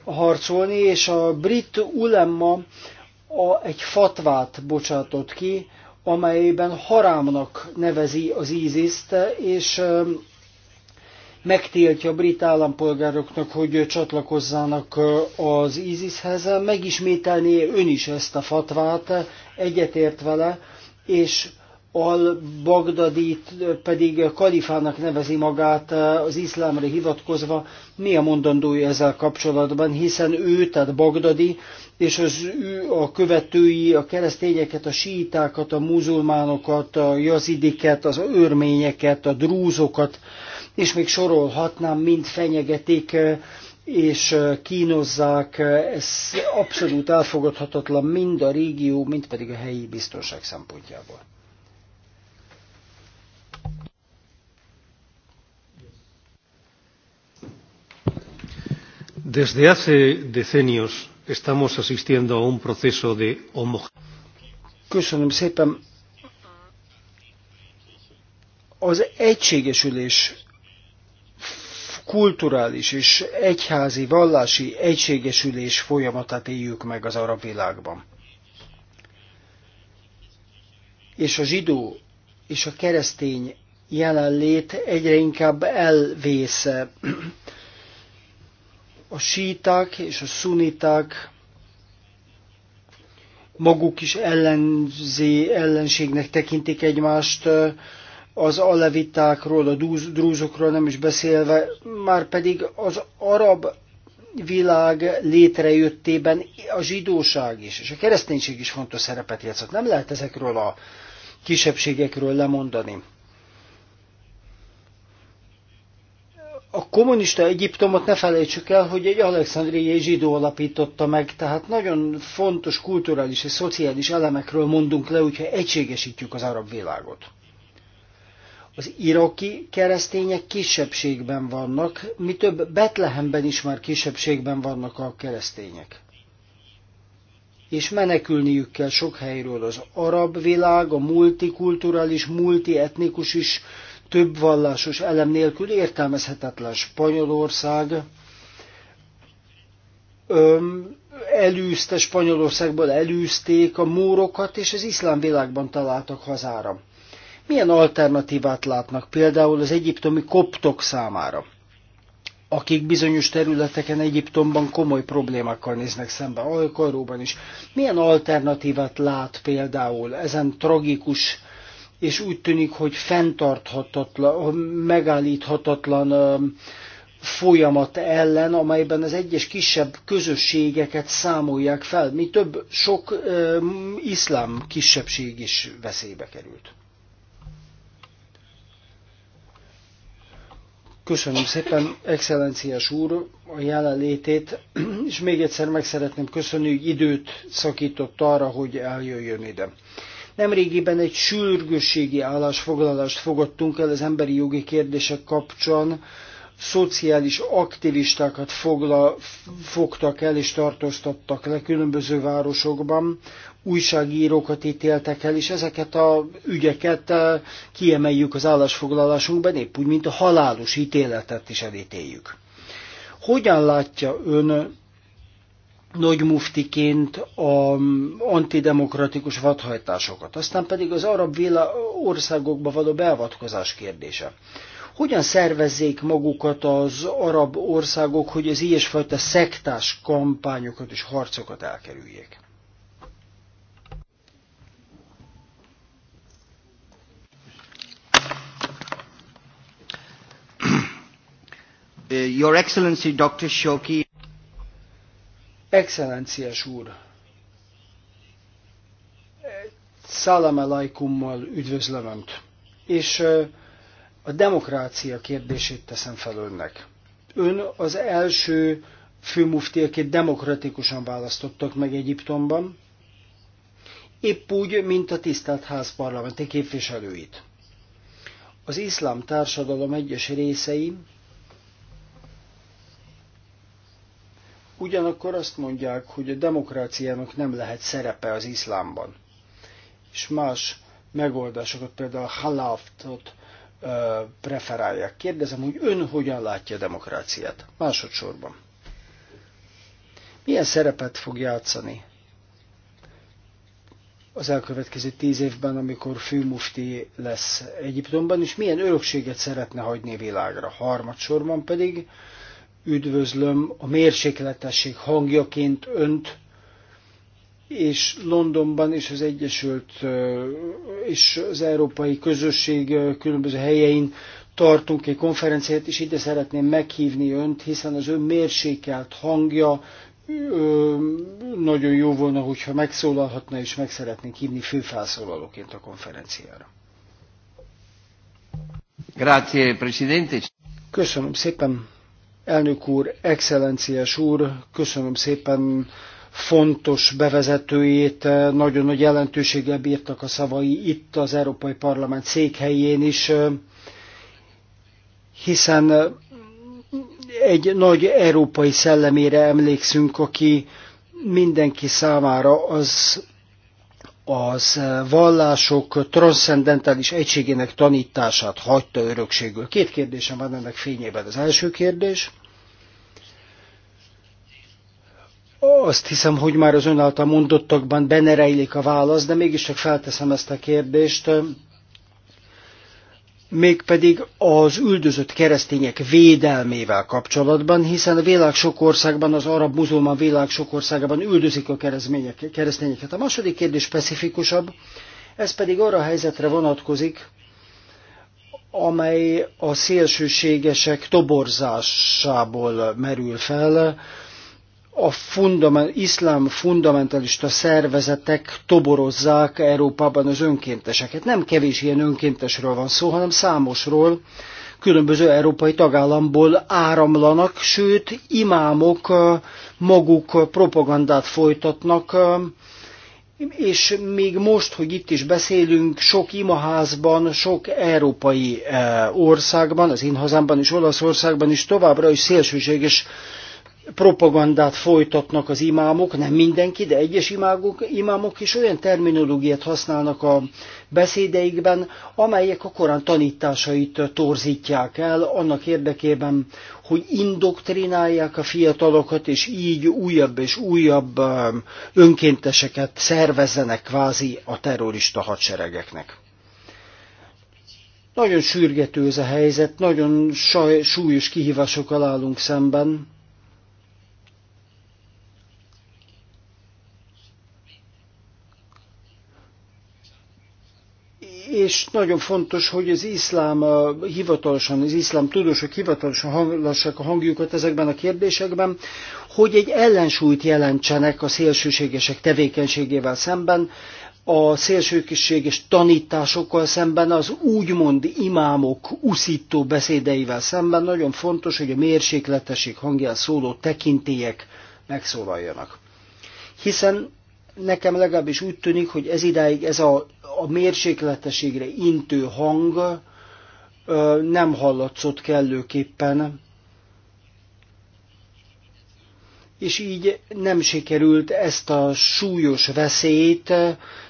[SPEAKER 1] harcolni, és a brit ulemma a, egy fatvát bocsátott ki, amelyben harámnak nevezi az íziszt, és megtiltja a brit állampolgároknak, hogy csatlakozzanak az ISIS-hez. Megismételné ön is ezt a fatvát, egyetért vele, és al-Bagdadit pedig kalifának nevezi magát az iszlámra hivatkozva. Mi a mondandója ezzel kapcsolatban, hiszen ő, tehát Bagdadi, és az ő, a követői, a keresztényeket, a síitákat a muzulmánokat, a jazidiket, az örményeket, a drúzokat, és még sorolhatnám, mind fenyegetik e, és e, kínozzák. E, ez abszolút elfogadhatatlan mind a régió, mind pedig a helyi biztonság szempontjából. Desde hace decenios Estamos asistiendo a un proceso de Köszönöm szépen. Az egységesülés kulturális és egyházi vallási egységesülés folyamatát éljük meg az arab világban. És a zsidó és a keresztény jelenlét egyre inkább elvész a síták és a szuniták maguk is ellenzé, ellenségnek tekintik egymást, az alevitákról, a drúzokról nem is beszélve, már pedig az arab világ létrejöttében a zsidóság is, és a kereszténység is fontos szerepet játszott. Nem lehet ezekről a kisebbségekről lemondani. a kommunista Egyiptomot ne felejtsük el, hogy egy alexandriai zsidó alapította meg, tehát nagyon fontos kulturális és szociális elemekről mondunk le, hogyha egységesítjük az arab világot. Az iraki keresztények kisebbségben vannak, mi több Betlehemben is már kisebbségben vannak a keresztények. És menekülniük kell sok helyről az arab világ, a multikulturális, multietnikus is, több vallásos elem nélkül értelmezhetetlen Spanyolország, öm, elűzte Spanyolországból, elűzték a mórokat, és az iszlám világban találtak hazára. Milyen alternatívát látnak például az egyiptomi koptok számára, akik bizonyos területeken Egyiptomban komoly problémákkal néznek szembe, Alkaróban is. Milyen alternatívát lát például ezen tragikus és úgy tűnik, hogy fenntarthatatlan, megállíthatatlan folyamat ellen, amelyben az egyes kisebb közösségeket számolják fel. Mi több, sok iszlám kisebbség is veszélybe került. Köszönöm szépen, excellenciás úr, a jelenlétét, és még egyszer meg szeretném köszönni, hogy időt szakított arra, hogy eljöjjön ide. Nemrégiben egy sürgősségi állásfoglalást fogadtunk el az emberi jogi kérdések kapcsán, szociális aktivistákat fogla, fogtak el és tartóztattak le különböző városokban, újságírókat ítéltek el, és ezeket a ügyeket eh, kiemeljük az állásfoglalásunkban, épp úgy, mint a halálos ítéletet is elítéljük. Hogyan látja ön nagymuftiként a antidemokratikus vadhajtásokat, aztán pedig az arab vilá országokba való beavatkozás kérdése. Hogyan szervezzék magukat az arab országok, hogy az ilyesfajta szektás kampányokat és harcokat elkerüljék? Your Excellency Dr. Shoki Excellencies úr, szállam alaikummal üdvözlöm Önt, és a demokrácia kérdését teszem fel Önnek. Ön az első főmufti, akit demokratikusan választottak meg Egyiptomban, épp úgy, mint a tisztelt ház parlamenti képviselőit. Az iszlám társadalom egyes részei Ugyanakkor azt mondják, hogy a demokráciának nem lehet szerepe az iszlámban. És más megoldásokat, például halaftot preferálják. Kérdezem, hogy ön hogyan látja a demokráciát? Másodszorban. Milyen szerepet fog játszani az elkövetkező tíz évben, amikor főmufti lesz Egyiptomban, és milyen örökséget szeretne hagyni világra. Harmadsorban pedig üdvözlöm a mérsékletesség hangjaként önt, és Londonban és az Egyesült és az Európai Közösség különböző helyein tartunk egy konferenciát, és ide szeretném meghívni önt, hiszen az ön mérsékelt hangja nagyon jó volna, hogyha megszólalhatna, és meg szeretnénk hívni főfelszólalóként a konferenciára. Grazie, Presidente. Köszönöm szépen, Elnök úr, excellenciás úr, köszönöm szépen fontos bevezetőjét, nagyon nagy jelentőséggel bírtak a szavai itt az Európai Parlament székhelyén is, hiszen egy nagy európai szellemére emlékszünk, aki mindenki számára az az eh, vallások transzcendentális egységének tanítását hagyta örökségül. Két kérdésem van ennek fényében. Az első kérdés, azt hiszem, hogy már az ön által mondottakban benne rejlik a válasz, de csak felteszem ezt a kérdést mégpedig az üldözött keresztények védelmével kapcsolatban, hiszen a világ sok országban, az arab muzulman világ sok országában üldözik a keresztényeket. A második kérdés specifikusabb, ez pedig arra a helyzetre vonatkozik, amely a szélsőségesek toborzásából merül fel, a fundament, iszlám fundamentalista szervezetek toborozzák Európában az önkénteseket. Nem kevés ilyen önkéntesről van szó, hanem számosról különböző európai tagállamból áramlanak, sőt, imámok maguk propagandát folytatnak, és még most, hogy itt is beszélünk, sok imaházban, sok európai országban, az én hazámban is, Olaszországban is továbbra is szélsőséges propagandát folytatnak az imámok, nem mindenki, de egyes imágok, imámok is olyan terminológiát használnak a beszédeikben, amelyek a Korán tanításait torzítják el, annak érdekében, hogy indoktrinálják a fiatalokat, és így újabb és újabb um, önkénteseket szervezzenek kvázi a terrorista hadseregeknek. Nagyon sürgető ez a helyzet, nagyon saj, súlyos kihívásokkal állunk szemben, és nagyon fontos, hogy az iszlám hivatalosan, az iszlám tudósok hivatalosan hallassák a hangjukat ezekben a kérdésekben, hogy egy ellensúlyt jelentsenek a szélsőségesek tevékenységével szemben, a szélsőséges tanításokkal szemben, az úgymond imámok uszító beszédeivel szemben nagyon fontos, hogy a mérsékletesség hangján szóló tekintélyek megszólaljanak. Hiszen nekem legalábbis úgy tűnik, hogy ez idáig ez a, a mérsékleteségre intő hang ö, nem hallatszott kellőképpen, és így nem sikerült ezt a súlyos veszélyt,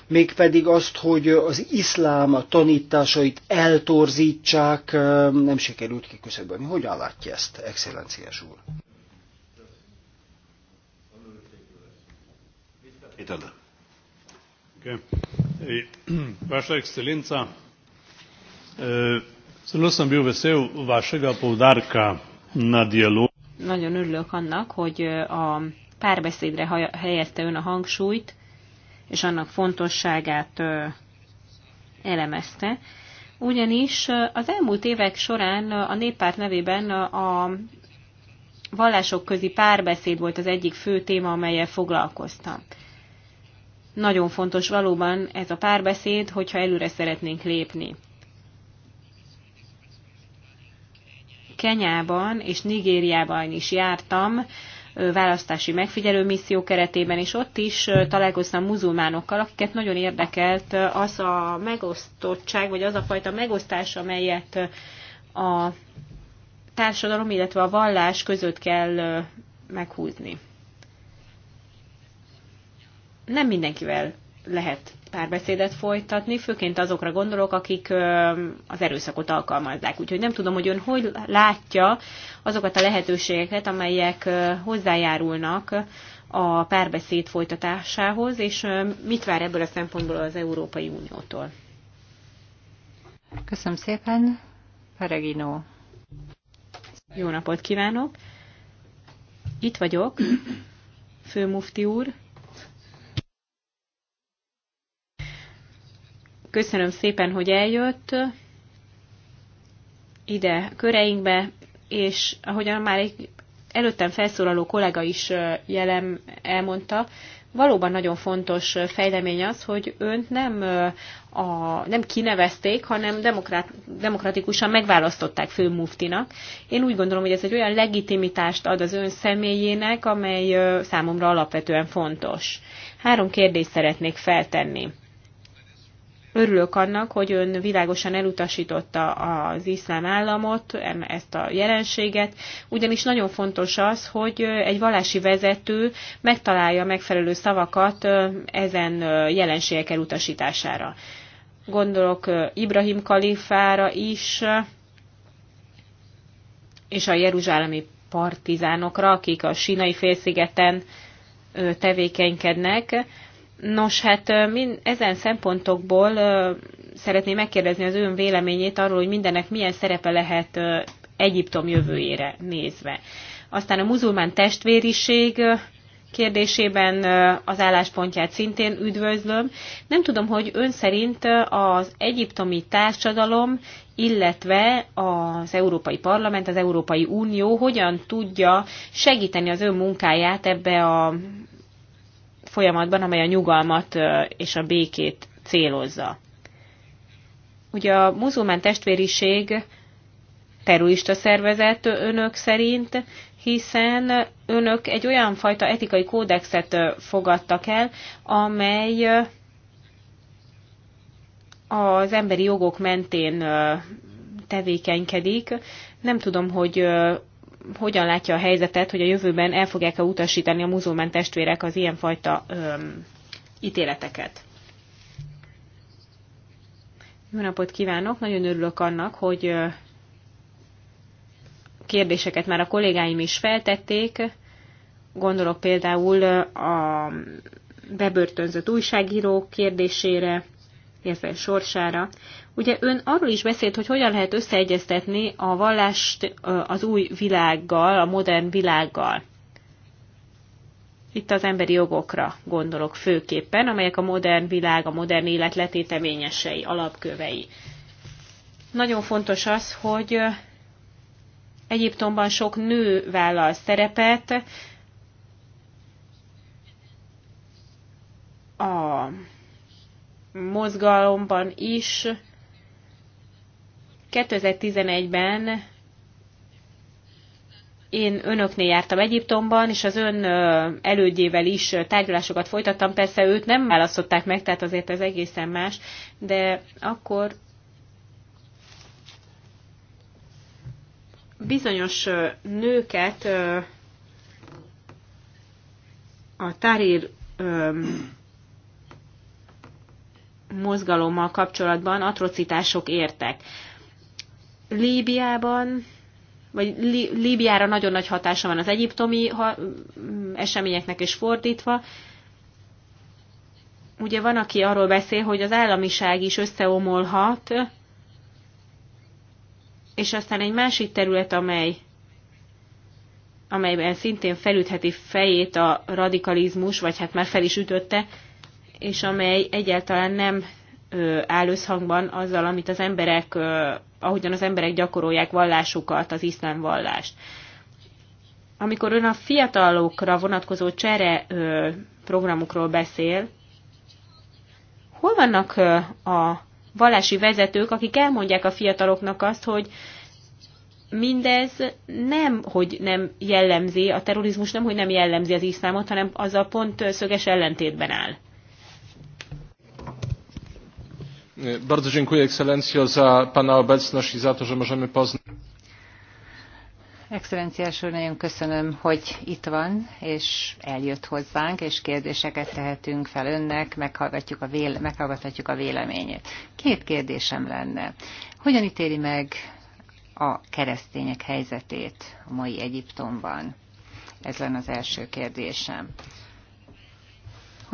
[SPEAKER 1] mégpedig azt, hogy az iszlám tanításait eltorzítsák, nem sikerült kiküszöbölni. Hogyan látja ezt, excellenciás úr? Italy. Vaša ekscelenca,
[SPEAKER 2] eh, zelo sem bil vesel vašega poudarka na dialog.
[SPEAKER 3] Nagyon örülök annak, hogy eh, a párbeszédre helyezte ön a hangsúlyt, és annak fontosságát eh, elemezte. Ugyanis az elmúlt évek során a néppárt nevében a vallások közi párbeszéd volt az egyik fő téma, amelyel foglalkoztam. Nagyon fontos valóban ez a párbeszéd, hogyha előre szeretnénk lépni. Kenyában és Nigériában is jártam választási megfigyelő misszió keretében, és ott is találkoztam muzulmánokkal, akiket nagyon érdekelt az a megosztottság, vagy az a fajta megosztás, amelyet a társadalom, illetve a vallás között kell meghúzni nem mindenkivel lehet párbeszédet folytatni, főként azokra gondolok, akik az erőszakot alkalmazzák. Úgyhogy nem tudom, hogy ön hogy látja azokat a lehetőségeket, amelyek hozzájárulnak a párbeszéd folytatásához, és mit vár ebből a szempontból az Európai Uniótól? Köszönöm szépen, Peregino. Jó napot kívánok! Itt vagyok, főmufti úr. Köszönöm szépen, hogy eljött ide köreinkbe, és ahogyan már egy előttem felszólaló kollega is jelen elmondta, valóban nagyon fontos fejlemény az, hogy önt nem, a, nem kinevezték, hanem demokrat, demokratikusan megválasztották főmuftinak. Én úgy gondolom, hogy ez egy olyan legitimitást ad az ön személyének, amely számomra alapvetően fontos. Három kérdést szeretnék feltenni. Örülök annak, hogy ön világosan elutasította az iszlám államot, ezt a jelenséget, ugyanis nagyon fontos az, hogy egy vallási vezető megtalálja megfelelő szavakat ezen jelenségek elutasítására. Gondolok Ibrahim kalifára is, és a jeruzsálemi partizánokra, akik a sínai félszigeten tevékenykednek, Nos, hát min, ezen szempontokból szeretném megkérdezni az ön véleményét arról, hogy mindennek milyen szerepe lehet Egyiptom jövőjére nézve. Aztán a muzulmán testvériség kérdésében az álláspontját szintén üdvözlöm. Nem tudom, hogy ön szerint az egyiptomi társadalom, illetve az Európai Parlament, az Európai Unió hogyan tudja segíteni az ön munkáját ebbe a folyamatban, amely a nyugalmat és a békét célozza. Ugye a muzulmán testvériség terrorista szervezet önök szerint, hiszen önök egy olyan fajta etikai kódexet fogadtak el, amely az emberi jogok mentén tevékenykedik. Nem tudom, hogy hogyan látja a helyzetet, hogy a jövőben el fogják-e utasítani a muzulmán testvérek az ilyenfajta öm, ítéleteket. Jó napot kívánok! Nagyon örülök annak, hogy kérdéseket már a kollégáim is feltették. Gondolok például a bebörtönzött újságírók kérdésére, illetve sorsára. Ugye ön arról is beszélt, hogy hogyan lehet összeegyeztetni a vallást az új világgal, a modern világgal. Itt az emberi jogokra gondolok főképpen, amelyek a modern világ, a modern élet letéteményesei, alapkövei. Nagyon fontos az, hogy Egyiptomban sok nő vállal szerepet, a mozgalomban is, 2011-ben én önöknél jártam Egyiptomban, és az ön elődjével is tárgyalásokat folytattam. Persze őt nem választották meg, tehát azért ez egészen más, de akkor bizonyos nőket a tárír mozgalommal kapcsolatban atrocitások értek. Líbiában, vagy Líbiára nagyon nagy hatása van az egyiptomi eseményeknek, és fordítva. Ugye van, aki arról beszél, hogy az államiság is összeomolhat, és aztán egy másik terület, amely amelyben szintén felütheti fejét a radikalizmus, vagy hát már fel is ütötte, és amely egyáltalán nem áll összhangban azzal, amit az emberek, ahogyan az emberek gyakorolják vallásukat, az iszlám vallást. Amikor ön a fiatalokra vonatkozó csere programokról beszél, hol vannak a vallási vezetők, akik elmondják a fiataloknak azt, hogy mindez nem, hogy nem jellemzi, a terrorizmus nem, hogy nem jellemzi az iszlámot, hanem az a pont szöges ellentétben áll.
[SPEAKER 1] E, bardzo dziękuję Ekscelencjo za Pana obecność i za to, że możemy poznać.
[SPEAKER 2] Excellenciás úr, nagyon köszönöm, hogy itt van, és eljött hozzánk, és kérdéseket tehetünk fel önnek, meghallgatjuk a, véle, meghallgathatjuk a véleményét. Két kérdésem lenne. Hogyan ítéli meg a keresztények helyzetét a mai Egyiptomban? Ez lenne az első kérdésem.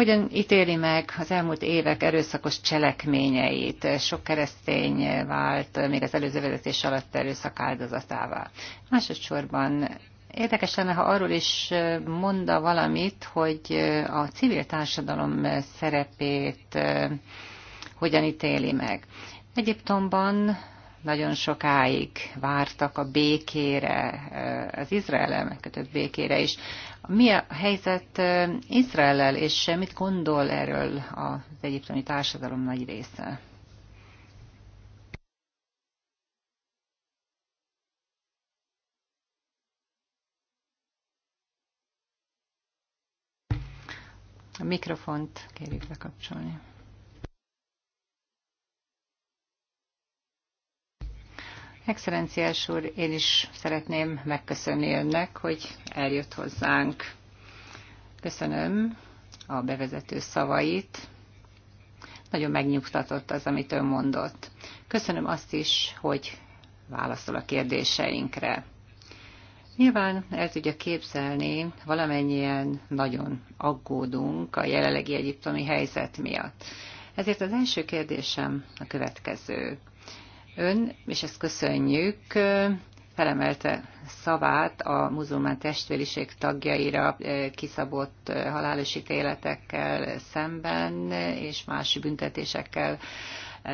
[SPEAKER 2] Hogyan ítéli meg az elmúlt évek erőszakos cselekményeit? Sok keresztény vált még az előző vezetés alatt erőszak áldozatává. Másodszorban Érdekes lenne, ha arról is mondta valamit, hogy a civil társadalom szerepét hogyan ítéli meg. Egyiptomban nagyon sokáig vártak a békére, az Izrael kötött békére is. Mi a helyzet Izrael-el, és mit gondol erről az egyiptomi társadalom nagy része? A mikrofont kérjük lekapcsolni. Excellenciás úr, én is szeretném megköszönni önnek, hogy eljött hozzánk. Köszönöm a bevezető szavait. Nagyon megnyugtatott az, amit ön mondott. Köszönöm azt is, hogy válaszol a kérdéseinkre. Nyilván el tudja képzelni, valamennyien nagyon aggódunk a jelenlegi egyiptomi helyzet miatt. Ezért az első kérdésem a következő. Ön, és ezt köszönjük, felemelte szavát a muzulmán testvériség tagjaira kiszabott halálos ítéletekkel szemben, és más büntetésekkel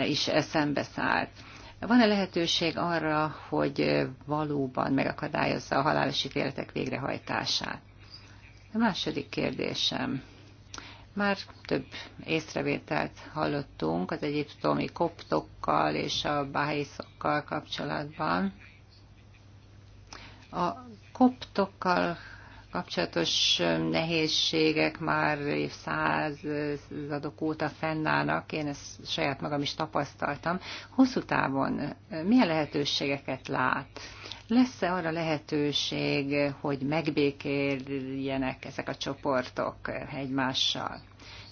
[SPEAKER 2] is szállt. Van-e lehetőség arra, hogy valóban megakadályozza a halálos ítéletek végrehajtását? A második kérdésem már több észrevételt hallottunk az egyiptomi koptokkal és a báhészokkal kapcsolatban. A koptokkal kapcsolatos nehézségek már évszázadok óta fennállnak, én ezt saját magam is tapasztaltam. Hosszú távon milyen lehetőségeket lát? Lesz-e arra lehetőség, hogy megbékéljenek ezek a csoportok egymással?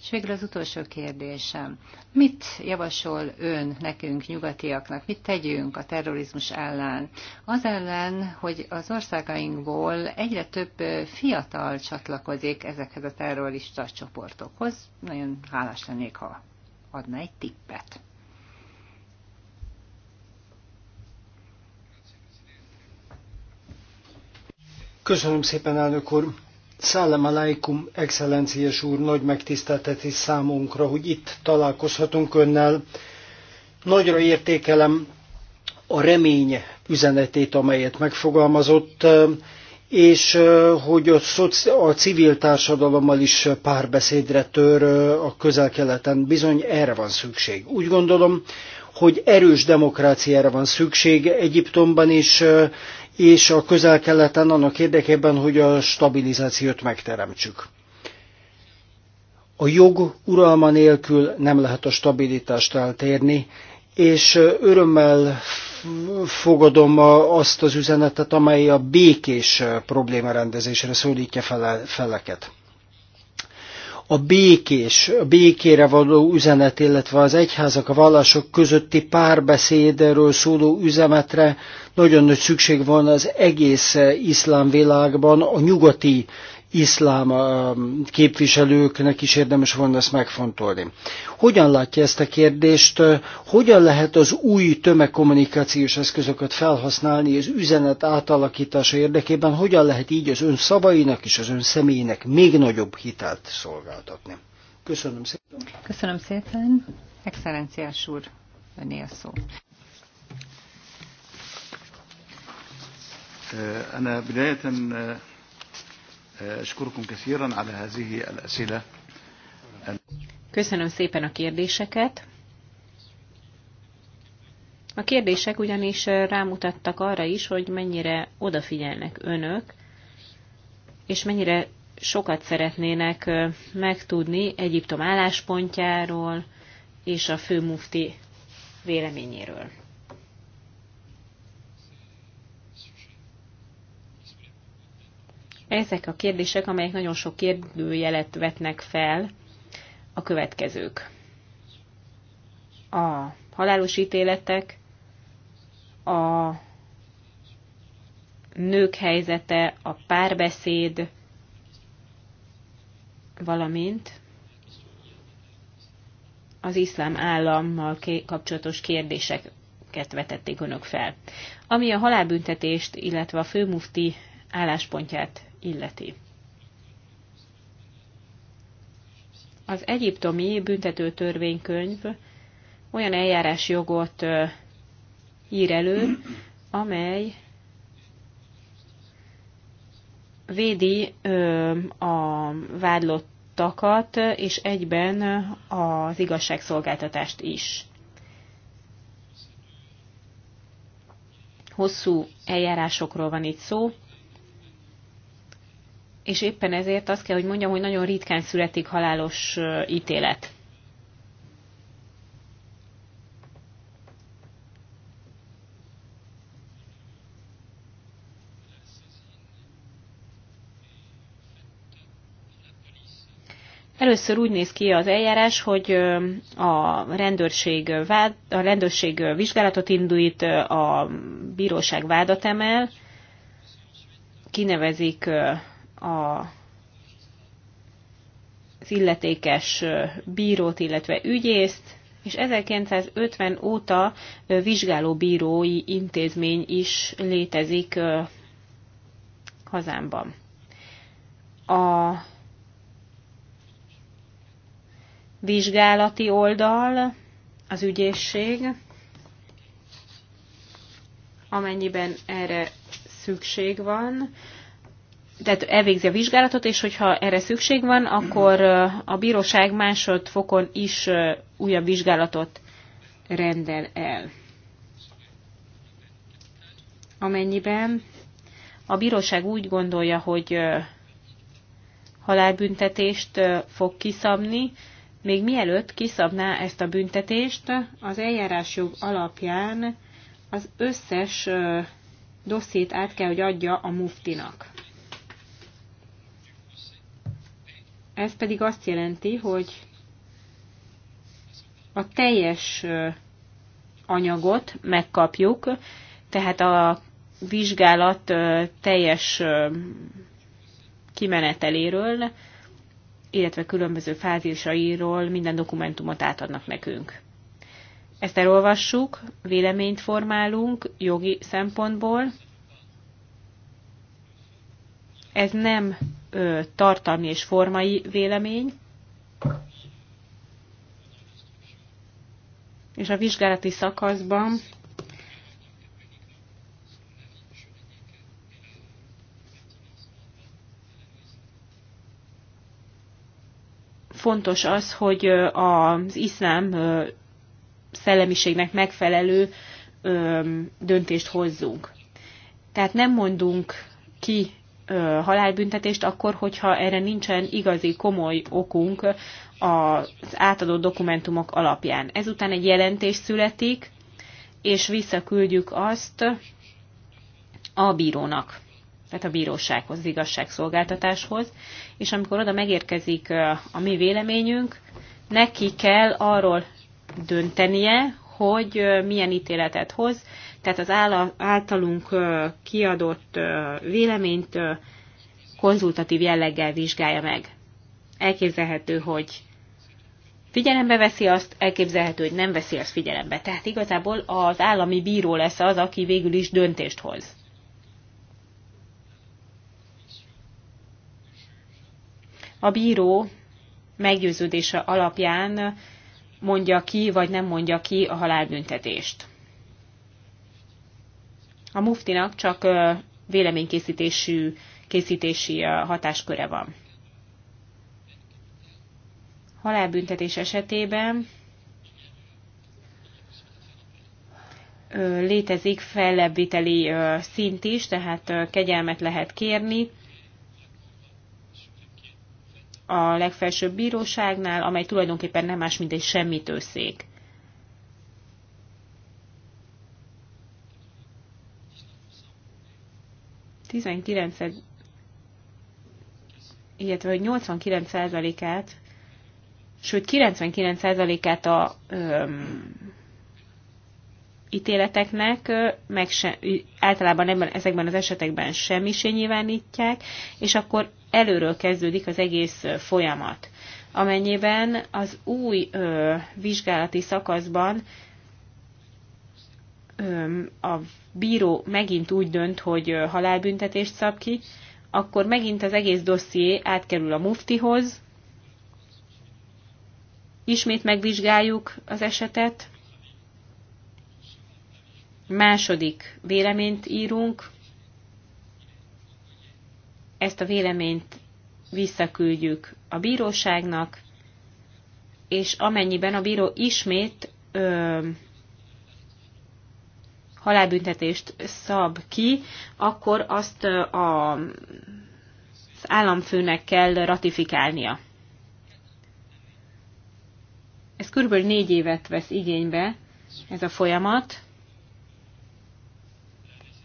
[SPEAKER 2] És végül az utolsó kérdésem. Mit javasol ön nekünk, nyugatiaknak, mit tegyünk a terrorizmus ellen? Az ellen, hogy az országainkból egyre több fiatal csatlakozik ezekhez a terrorista csoportokhoz. Nagyon hálás lennék, ha adna egy tippet.
[SPEAKER 1] Köszönöm szépen, elnök úr! Szállam alaikum, excellenciás úr, nagy megtiszteltetés számunkra, hogy itt találkozhatunk önnel. Nagyra értékelem a remény üzenetét, amelyet megfogalmazott, és hogy a, szoci- a civil társadalommal is párbeszédre tör a közel-keleten. Bizony erre van szükség. Úgy gondolom, hogy erős demokráciára van szükség Egyiptomban is, és a közel-keleten annak érdekében, hogy a stabilizációt megteremtsük. A jog uralma nélkül nem lehet a stabilitást eltérni, és örömmel fogadom azt az üzenetet, amely a békés problémarendezésre szólítja fele, feleket a békés, a békére való üzenet, illetve az egyházak, a vallások közötti párbeszédről szóló üzenetre nagyon nagy szükség van az egész iszlám világban, a nyugati iszlám képviselőknek is érdemes volna ezt megfontolni. Hogyan látja ezt a kérdést? Hogyan lehet az új tömegkommunikációs eszközöket felhasználni az üzenet átalakítása érdekében? Hogyan lehet így az ön szavainak és az ön személyének még nagyobb hitelt szolgáltatni? Köszönöm szépen.
[SPEAKER 2] Köszönöm szépen. Excellenciás úr,
[SPEAKER 1] öné a szó. أنا بداية أشكركم كثيرا على هذه الأسئلة
[SPEAKER 3] Köszönöm szépen a kérdéseket. A kérdések ugyanis rámutattak arra is, hogy mennyire odafigyelnek önök, és mennyire sokat szeretnének megtudni Egyiptom álláspontjáról és a főmufti véleményéről. ezek a kérdések, amelyek nagyon sok kérdőjelet vetnek fel, a következők. A halálos ítéletek, a nők helyzete, a párbeszéd, valamint az iszlám állammal kapcsolatos kérdéseket vetették önök fel. Ami a halálbüntetést, illetve a főmufti álláspontját illeti. Az egyiptomi büntető törvénykönyv olyan eljárás jogot ír elő, amely védi a vádlottakat, és egyben az igazságszolgáltatást is. Hosszú eljárásokról van itt szó, és éppen ezért azt kell, hogy mondjam, hogy nagyon ritkán születik halálos ítélet. Először úgy néz ki az eljárás, hogy a rendőrség, vád, a rendőrség vizsgálatot indít, a bíróság vádat emel, kinevezik a az illetékes bírót, illetve ügyészt, és 1950 óta vizsgálóbírói intézmény is létezik hazámban. A vizsgálati oldal, az ügyészség, amennyiben erre szükség van, tehát elvégzi a vizsgálatot, és hogyha erre szükség van, akkor a bíróság másodfokon is újabb vizsgálatot rendel el. Amennyiben a bíróság úgy gondolja, hogy halálbüntetést fog kiszabni, még mielőtt kiszabná ezt a büntetést, az eljárásjog alapján az összes dossziét át kell, hogy adja a muftinak. Ez pedig azt jelenti, hogy a teljes anyagot megkapjuk, tehát a vizsgálat teljes kimeneteléről, illetve különböző fázisairól minden dokumentumot átadnak nekünk. Ezt elolvassuk, véleményt formálunk jogi szempontból. Ez nem tartalmi és formai vélemény, és a vizsgálati szakaszban fontos az, hogy az iszlám szellemiségnek megfelelő döntést hozzunk. Tehát nem mondunk ki halálbüntetést, akkor, hogyha erre nincsen igazi komoly okunk az átadott dokumentumok alapján. Ezután egy jelentés születik, és visszaküldjük azt a bírónak, tehát a bírósághoz, az igazságszolgáltatáshoz, és amikor oda megérkezik a mi véleményünk, neki kell arról döntenie, hogy milyen ítéletet hoz, tehát az általunk kiadott véleményt konzultatív jelleggel vizsgálja meg. Elképzelhető, hogy figyelembe veszi azt, elképzelhető, hogy nem veszi azt figyelembe. Tehát igazából az állami bíró lesz az, aki végül is döntést hoz. A bíró meggyőződése alapján mondja ki, vagy nem mondja ki a halálbüntetést a muftinak csak véleménykészítésű készítési hatásköre van. Halálbüntetés esetében létezik fellebbviteli szint is, tehát kegyelmet lehet kérni a legfelsőbb bíróságnál, amely tulajdonképpen nem más, mint egy semmitőszék. 19 illetve hogy 89%-át, sőt 99%-át a öm, ítéleteknek meg se, általában ebben, ezekben az esetekben semmi se nyilvánítják, és akkor előről kezdődik az egész folyamat. Amennyiben az új ö, vizsgálati szakaszban a bíró megint úgy dönt, hogy halálbüntetést szab ki, akkor megint az egész dosszié átkerül a muftihoz, ismét megvizsgáljuk az esetet, második véleményt írunk, ezt a véleményt visszaküldjük a bíróságnak, és amennyiben a bíró ismét ö, halálbüntetést szab ki, akkor azt a, az államfőnek kell ratifikálnia. Ez körülbelül négy évet vesz igénybe ez a folyamat.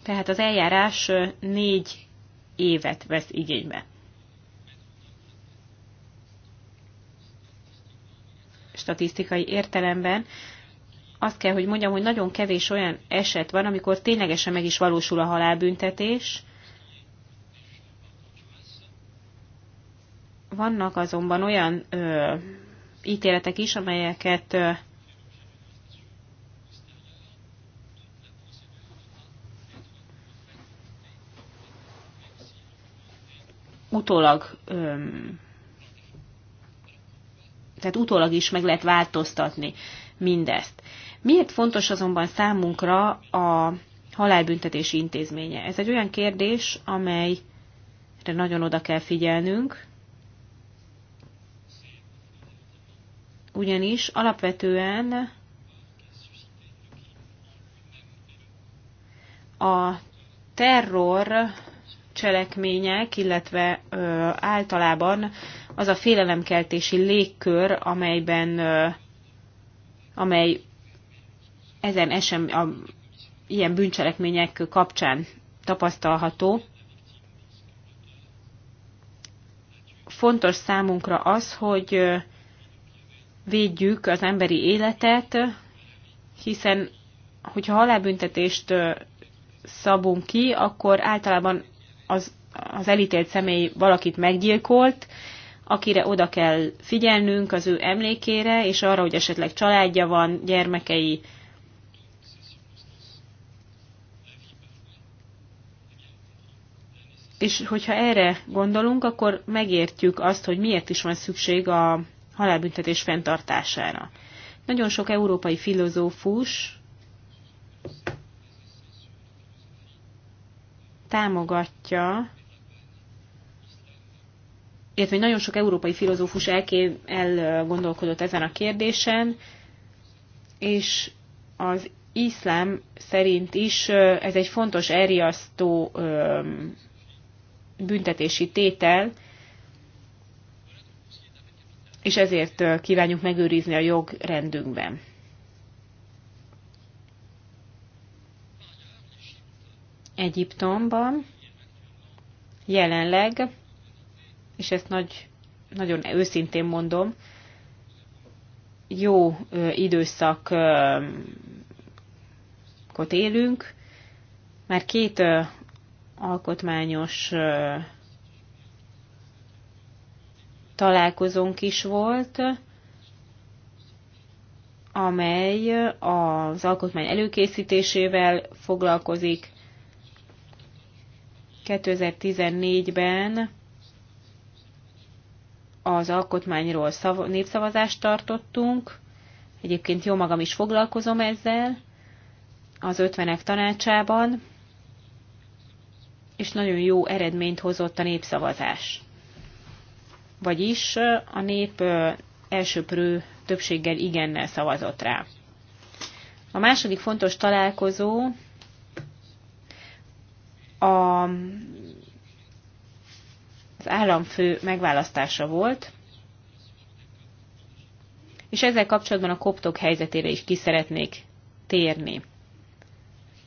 [SPEAKER 3] Tehát az eljárás négy évet vesz igénybe. Statisztikai értelemben azt kell, hogy mondjam, hogy nagyon kevés olyan eset van, amikor ténylegesen meg is valósul a halálbüntetés. Vannak azonban olyan ö, ítéletek is, amelyeket ö, utólag ö, tehát utólag is meg lehet változtatni mindezt. Miért fontos azonban számunkra a halálbüntetési intézménye? Ez egy olyan kérdés, amelyre nagyon oda kell figyelnünk, ugyanis alapvetően a terror cselekmények, illetve ö, általában az a félelemkeltési légkör, amelyben ö, amely ezen esem, a, ilyen bűncselekmények kapcsán tapasztalható. Fontos számunkra az, hogy védjük az emberi életet, hiszen hogyha halálbüntetést szabunk ki, akkor általában az, az elítélt személy valakit meggyilkolt, akire oda kell figyelnünk az ő emlékére, és arra, hogy esetleg családja van, gyermekei. És hogyha erre gondolunk, akkor megértjük azt, hogy miért is van szükség a halálbüntetés fenntartására. Nagyon sok európai filozófus támogatja illetve nagyon sok európai filozófus elgondolkodott ezen a kérdésen, és az iszlám szerint is ez egy fontos elriasztó büntetési tétel, és ezért kívánjuk megőrizni a jogrendünkben. Egyiptomban jelenleg és ezt nagy, nagyon őszintén mondom, jó időszakot élünk. Már két alkotmányos találkozónk is volt, amely az alkotmány előkészítésével foglalkozik. 2014-ben az alkotmányról szav- népszavazást tartottunk, egyébként jó magam is foglalkozom ezzel, az ötvenek tanácsában, és nagyon jó eredményt hozott a népszavazás. Vagyis a nép elsőprő többséggel igennel szavazott rá. A második fontos találkozó a az államfő megválasztása volt, és ezzel kapcsolatban a koptok helyzetére is ki szeretnék térni.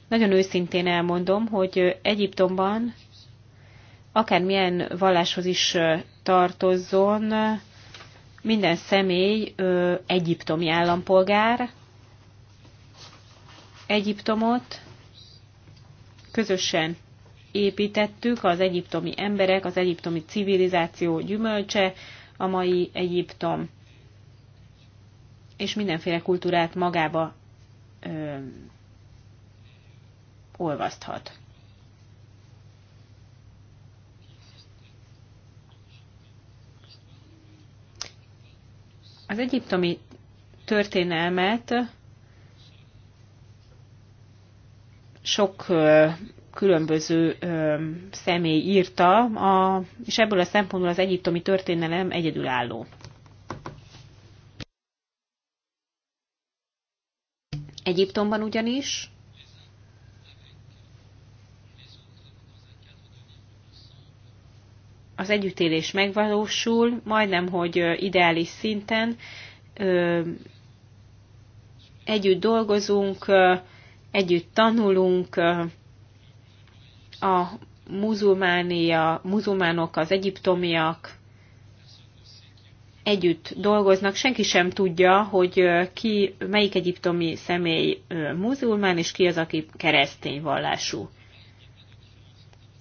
[SPEAKER 3] Nagyon őszintén elmondom, hogy Egyiptomban akármilyen valláshoz is tartozzon, minden személy ö, egyiptomi állampolgár, Egyiptomot közösen építettük, az egyiptomi emberek, az egyiptomi civilizáció gyümölcse, a mai Egyiptom, és mindenféle kultúrát magába ö, olvaszthat. Az egyiptomi történelmet sok különböző ö, személy írta, a, és ebből a szempontból az egyiptomi történelem egyedülálló. Egyiptomban ugyanis az együttélés megvalósul, majdnem, hogy ideális szinten ö, együtt dolgozunk, ö, együtt tanulunk, ö, a muzulmánia, muzulmánok, az egyiptomiak együtt dolgoznak. Senki sem tudja, hogy ki, melyik egyiptomi személy muzulmán, és ki az, aki keresztény vallású.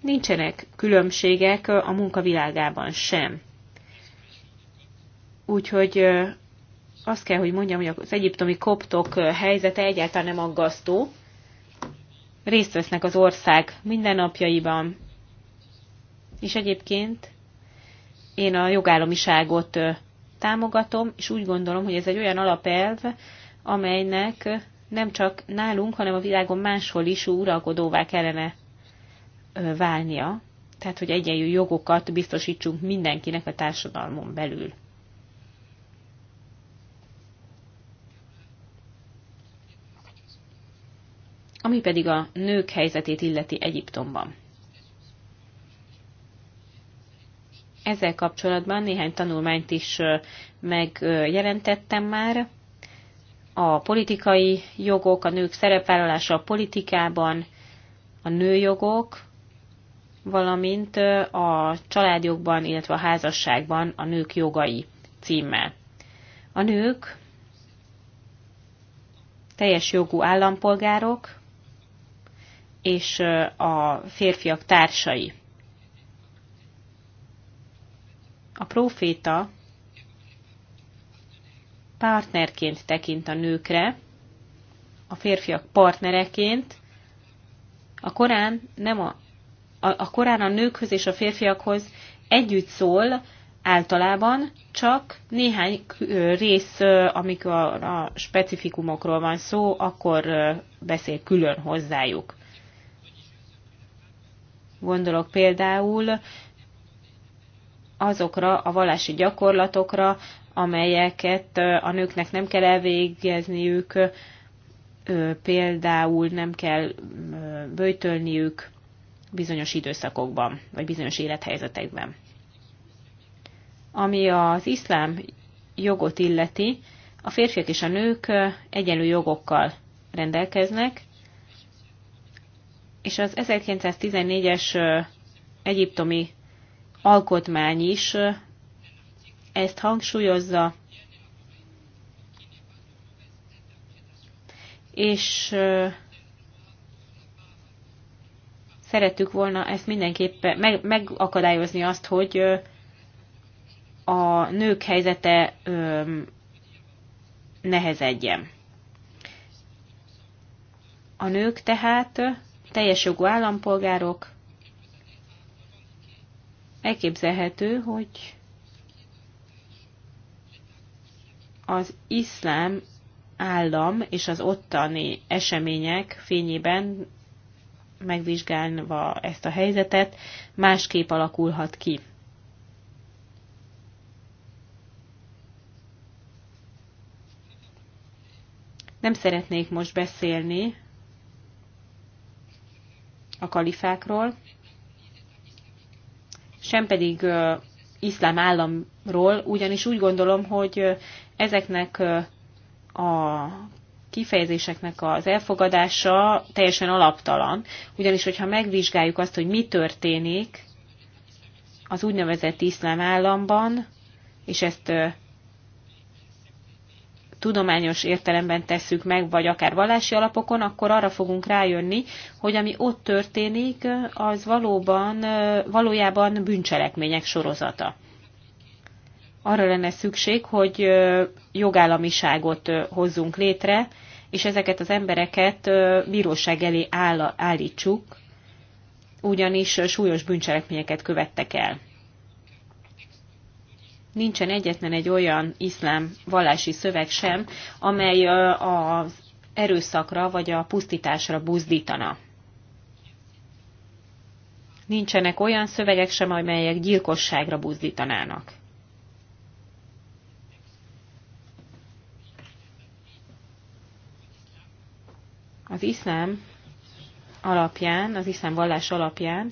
[SPEAKER 3] Nincsenek különbségek a munkavilágában sem. Úgyhogy azt kell, hogy mondjam, hogy az egyiptomi koptok helyzete egyáltalán nem aggasztó, részt vesznek az ország mindennapjaiban, és egyébként én a jogállamiságot támogatom, és úgy gondolom, hogy ez egy olyan alapelv, amelynek nem csak nálunk, hanem a világon máshol is uralkodóvá kellene válnia. Tehát, hogy egyenlő jogokat biztosítsunk mindenkinek a társadalmon belül. ami pedig a nők helyzetét illeti Egyiptomban. Ezzel kapcsolatban néhány tanulmányt is megjelentettem már. A politikai jogok, a nők szerepvállalása a politikában, a nőjogok, valamint a családjogban, illetve a házasságban a nők jogai címmel. A nők teljes jogú állampolgárok, és a férfiak társai. A próféta partnerként tekint a nőkre, a férfiak partnereként, a Korán nem a, a, a Korán a nőkhöz és a férfiakhoz együtt szól, általában csak néhány rész, amikor a specifikumokról van szó, akkor beszél külön hozzájuk. Gondolok például azokra a vallási gyakorlatokra, amelyeket a nőknek nem kell elvégezniük, például nem kell böjtölniük bizonyos időszakokban, vagy bizonyos élethelyzetekben. Ami az iszlám jogot illeti, a férfiak és a nők egyenlő jogokkal rendelkeznek, és az 1914-es egyiptomi alkotmány is ezt hangsúlyozza, és szerettük volna ezt mindenképpen meg, megakadályozni azt, hogy a nők helyzete nehezedjen. A nők tehát teljes jogú állampolgárok, elképzelhető, hogy az iszlám állam és az ottani események fényében megvizsgálva ezt a helyzetet, másképp alakulhat ki. Nem szeretnék most beszélni a kalifákról, sem pedig iszlám államról, ugyanis úgy gondolom, hogy ezeknek a kifejezéseknek az elfogadása teljesen alaptalan, ugyanis hogyha megvizsgáljuk azt, hogy mi történik az úgynevezett iszlám államban, és ezt tudományos értelemben tesszük meg, vagy akár vallási alapokon, akkor arra fogunk rájönni, hogy ami ott történik, az valóban, valójában bűncselekmények sorozata. Arra lenne szükség, hogy jogállamiságot hozzunk létre, és ezeket az embereket bíróság elé áll, állítsuk, ugyanis súlyos bűncselekményeket követtek el nincsen egyetlen egy olyan iszlám vallási szöveg sem, amely az erőszakra vagy a pusztításra buzdítana. Nincsenek olyan szövegek sem, amelyek gyilkosságra buzdítanának. Az iszlám alapján, az iszlám vallás alapján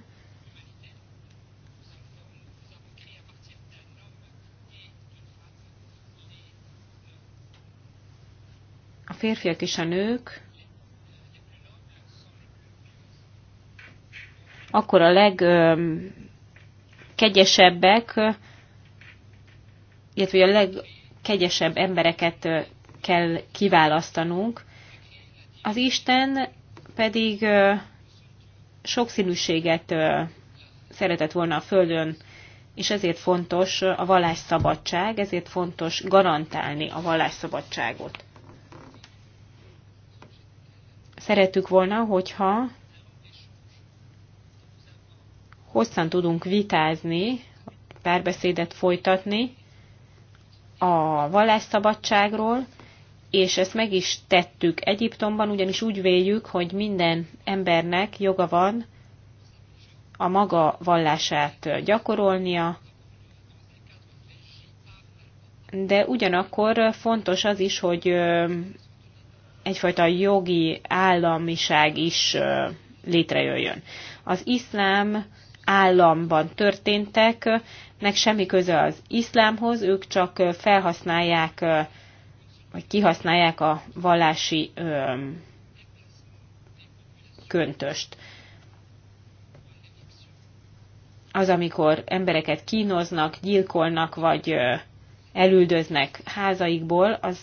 [SPEAKER 3] férfiak és a nők akkor a legkegyesebbek, illetve a legkegyesebb embereket kell kiválasztanunk. Az Isten pedig sokszínűséget szeretett volna a Földön, és ezért fontos a vallásszabadság, ezért fontos garantálni a vallásszabadságot szerettük volna, hogyha hosszan tudunk vitázni, párbeszédet folytatni a vallásszabadságról, és ezt meg is tettük Egyiptomban, ugyanis úgy véljük, hogy minden embernek joga van a maga vallását gyakorolnia, de ugyanakkor fontos az is, hogy egyfajta jogi államiság is létrejöjjön. Az iszlám államban történteknek semmi köze az iszlámhoz, ők csak felhasználják vagy kihasználják a vallási köntöst. Az, amikor embereket kínoznak, gyilkolnak, vagy elüldöznek házaikból, az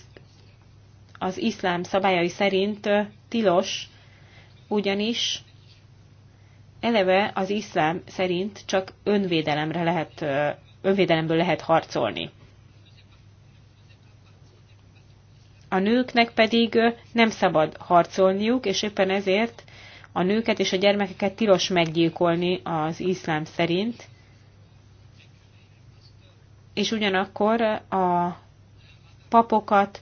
[SPEAKER 3] az iszlám szabályai szerint tilos, ugyanis eleve az iszlám szerint csak önvédelemre lehet, önvédelemből lehet harcolni. A nőknek pedig nem szabad harcolniuk, és éppen ezért a nőket és a gyermekeket tilos meggyilkolni az iszlám szerint, és ugyanakkor a papokat,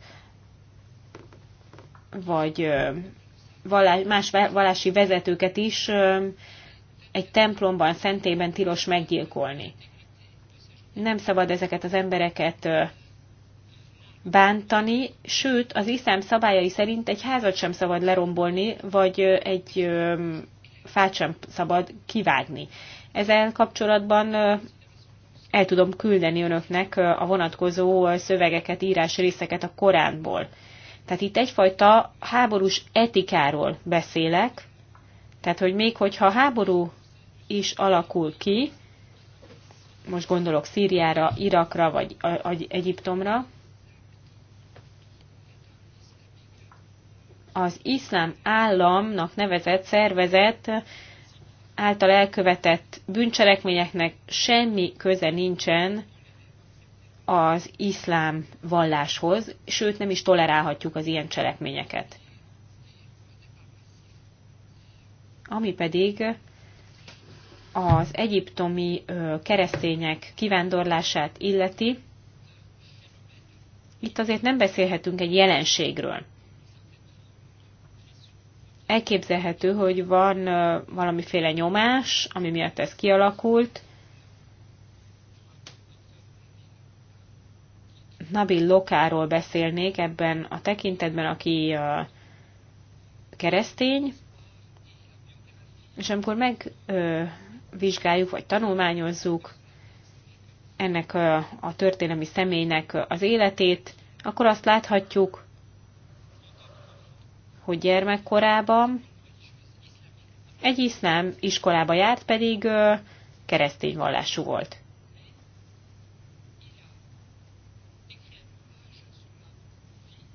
[SPEAKER 3] vagy más vallási vezetőket is egy templomban, szentében tilos meggyilkolni. Nem szabad ezeket az embereket bántani, sőt, az iszám szabályai szerint egy házat sem szabad lerombolni, vagy egy fát sem szabad kivágni. Ezzel kapcsolatban el tudom küldeni önöknek a vonatkozó szövegeket, írás részeket a Koránból. Tehát itt egyfajta háborús etikáról beszélek, tehát hogy még hogyha háború is alakul ki, most gondolok Szíriára, Irakra vagy Egyiptomra, az iszlám államnak nevezett szervezet által elkövetett bűncselekményeknek semmi köze nincsen az iszlám valláshoz, sőt nem is tolerálhatjuk az ilyen cselekményeket. Ami pedig az egyiptomi keresztények kivándorlását illeti, itt azért nem beszélhetünk egy jelenségről. Elképzelhető, hogy van valamiféle nyomás, ami miatt ez kialakult, Nabil Lokáról beszélnék ebben a tekintetben, aki keresztény, és amikor megvizsgáljuk vagy tanulmányozzuk ennek a történelmi személynek az életét, akkor azt láthatjuk, hogy gyermekkorában egy iszlám iskolába járt, pedig keresztény vallású volt.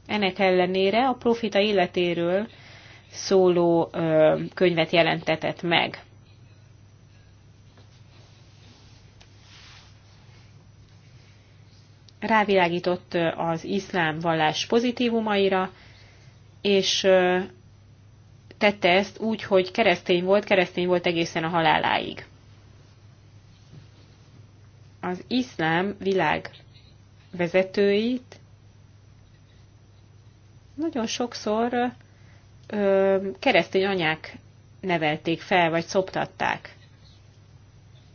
[SPEAKER 3] Ennek ellenére a profita életéről szóló ö, könyvet jelentetett meg. Rávilágított az iszlám vallás pozitívumaira, és ö, tette ezt úgy, hogy keresztény volt, keresztény volt egészen a haláláig. Az iszlám világ vezetőit nagyon sokszor ö, keresztény anyák nevelték fel, vagy szoptatták.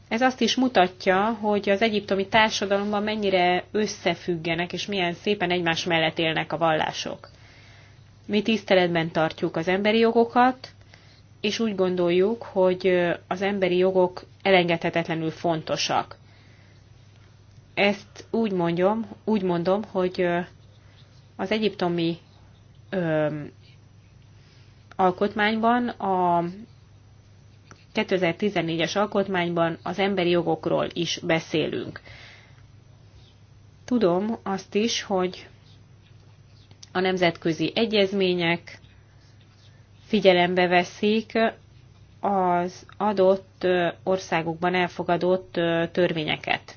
[SPEAKER 3] Ez azt is mutatja, hogy az egyiptomi társadalomban mennyire összefüggenek, és milyen szépen egymás mellett élnek a vallások. Mi tiszteletben tartjuk az emberi jogokat, és úgy gondoljuk, hogy az emberi jogok elengedhetetlenül fontosak. Ezt úgy mondom, úgy mondom, hogy az egyiptomi alkotmányban, a 2014-es alkotmányban az emberi jogokról is beszélünk. Tudom azt is, hogy a nemzetközi egyezmények figyelembe veszik az adott országokban elfogadott törvényeket.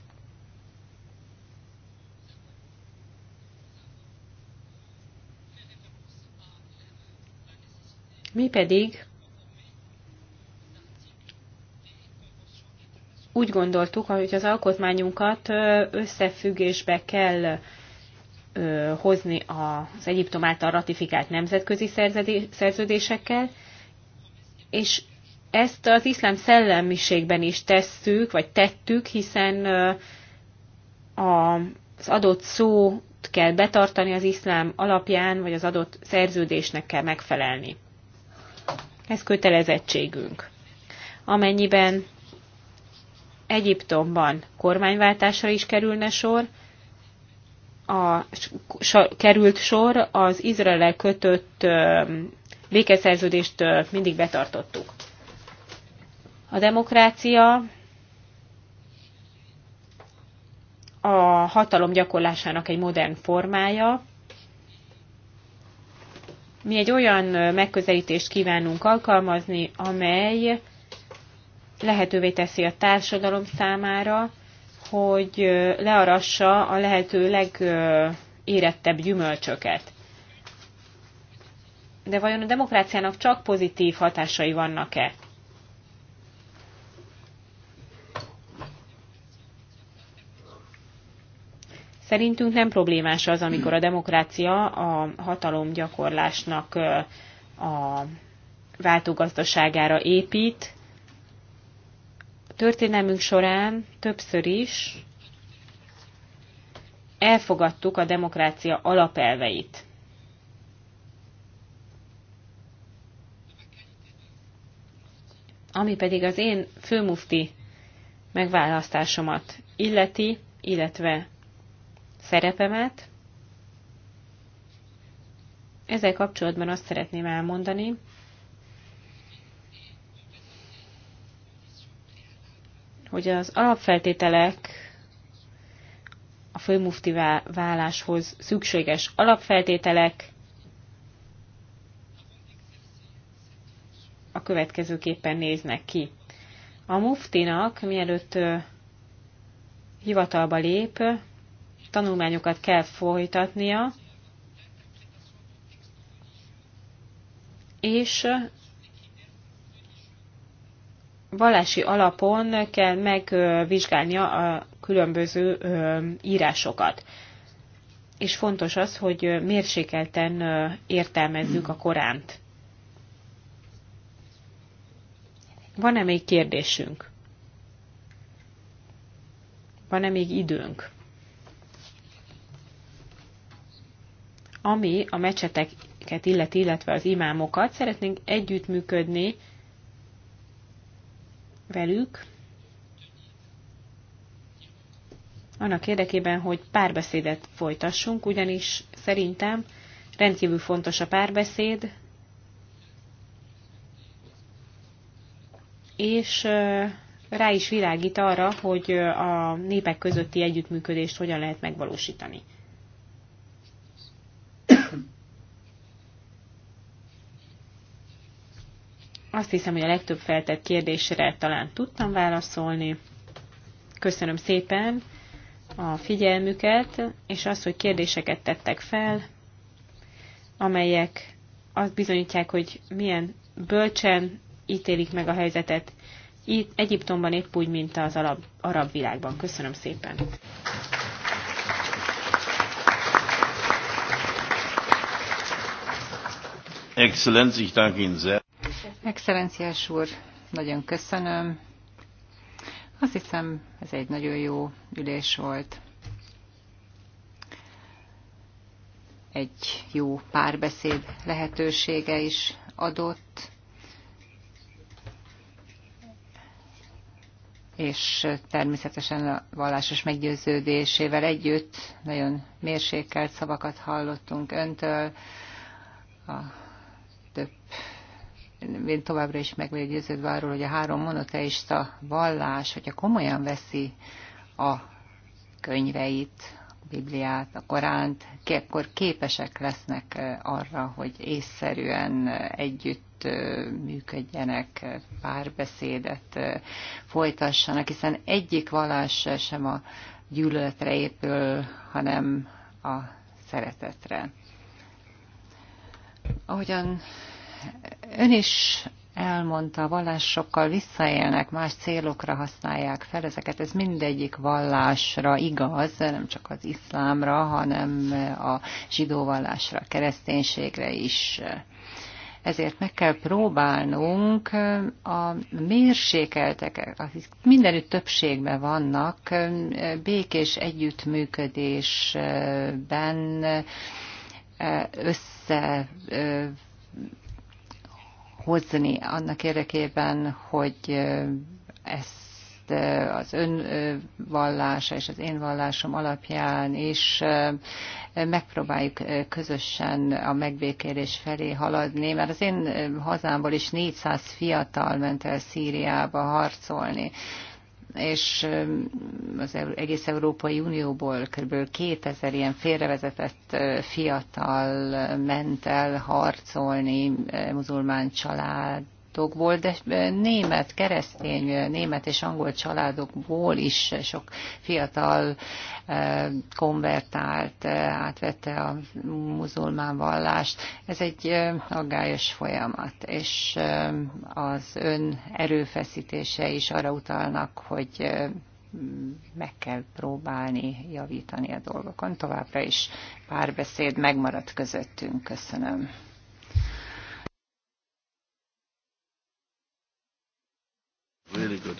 [SPEAKER 3] Mi pedig úgy gondoltuk, hogy az alkotmányunkat összefüggésbe kell hozni az Egyiptom által ratifikált nemzetközi szerződésekkel, és ezt az iszlám szellemiségben is tesszük, vagy tettük, hiszen az adott szót kell betartani az iszlám alapján, vagy az adott szerződésnek kell megfelelni. Ez kötelezettségünk. Amennyiben Egyiptomban kormányváltásra is kerülne sor, a, sa, került sor, az Izrael kötött ö, békeszerződést ö, mindig betartottuk. A demokrácia a hatalom gyakorlásának egy modern formája, mi egy olyan megközelítést kívánunk alkalmazni, amely lehetővé teszi a társadalom számára, hogy learassa a lehető legérettebb gyümölcsöket. De vajon a demokráciának csak pozitív hatásai vannak-e? Szerintünk nem problémás az, amikor a demokrácia a hatalomgyakorlásnak a váltógazdaságára épít. A történelmünk során többször is elfogadtuk a demokrácia alapelveit. Ami pedig az én főmufti megválasztásomat illeti, illetve szerepemet. Ezzel kapcsolatban azt szeretném elmondani, hogy az alapfeltételek a főmufti váláshoz szükséges alapfeltételek a következőképpen néznek ki. A muftinak, mielőtt hivatalba lép, tanulmányokat kell folytatnia, és vallási alapon kell megvizsgálnia a különböző írásokat. És fontos az, hogy mérsékelten értelmezzük a Koránt. Van-e még kérdésünk? Van-e még időnk? ami a mecseteket illeti, illetve az imámokat. Szeretnénk együttműködni velük, annak érdekében, hogy párbeszédet folytassunk, ugyanis szerintem rendkívül fontos a párbeszéd, és rá is világít arra, hogy a népek közötti együttműködést hogyan lehet megvalósítani. Azt hiszem, hogy a legtöbb feltett kérdésre talán tudtam válaszolni. Köszönöm szépen a figyelmüket, és azt, hogy kérdéseket tettek fel, amelyek azt bizonyítják, hogy milyen bölcsen ítélik meg a helyzetet itt Egyiptomban épp úgy, mint az arab, arab világban. Köszönöm szépen! Exzellenz, ich danke Ihnen sehr.
[SPEAKER 2] Excellenciás úr, nagyon köszönöm. Azt hiszem, ez egy nagyon jó ülés volt. Egy jó párbeszéd lehetősége is adott, és természetesen a vallásos meggyőződésével együtt nagyon mérsékelt szavakat hallottunk öntől, a több én továbbra is meg vagyok győződve arról, hogy a három monoteista vallás, hogyha komolyan veszi a könyveit, a Bibliát, a Koránt, akkor képesek lesznek arra, hogy észszerűen együtt működjenek, párbeszédet folytassanak, hiszen egyik vallás sem a gyűlöletre épül, hanem a szeretetre. Ahogyan Ön is elmondta, a vallásokkal visszaélnek, más célokra használják fel ezeket. Ez mindegyik vallásra igaz, nem csak az iszlámra, hanem a zsidó vallásra, a kereszténységre is. Ezért meg kell próbálnunk a mérsékeltek, akik mindenütt többségben vannak, békés együttműködésben össze hozni annak érdekében, hogy ezt az önvallása és az én vallásom alapján is megpróbáljuk közösen a megbékélés felé haladni, mert az én hazámból is 400 fiatal ment el Szíriába harcolni és az egész Európai Unióból kb. 2000 ilyen félrevezetett fiatal ment el harcolni muzulmán család családokból, de e, német, keresztény, e, német és angol családokból is sok fiatal e, konvertált, átvette a muzulmán vallást. Ez egy aggályos folyamat, és az ön erőfeszítése is arra utalnak, hogy meg kell próbálni javítani a dolgokon. Továbbra is párbeszéd megmaradt közöttünk. Köszönöm. Really good.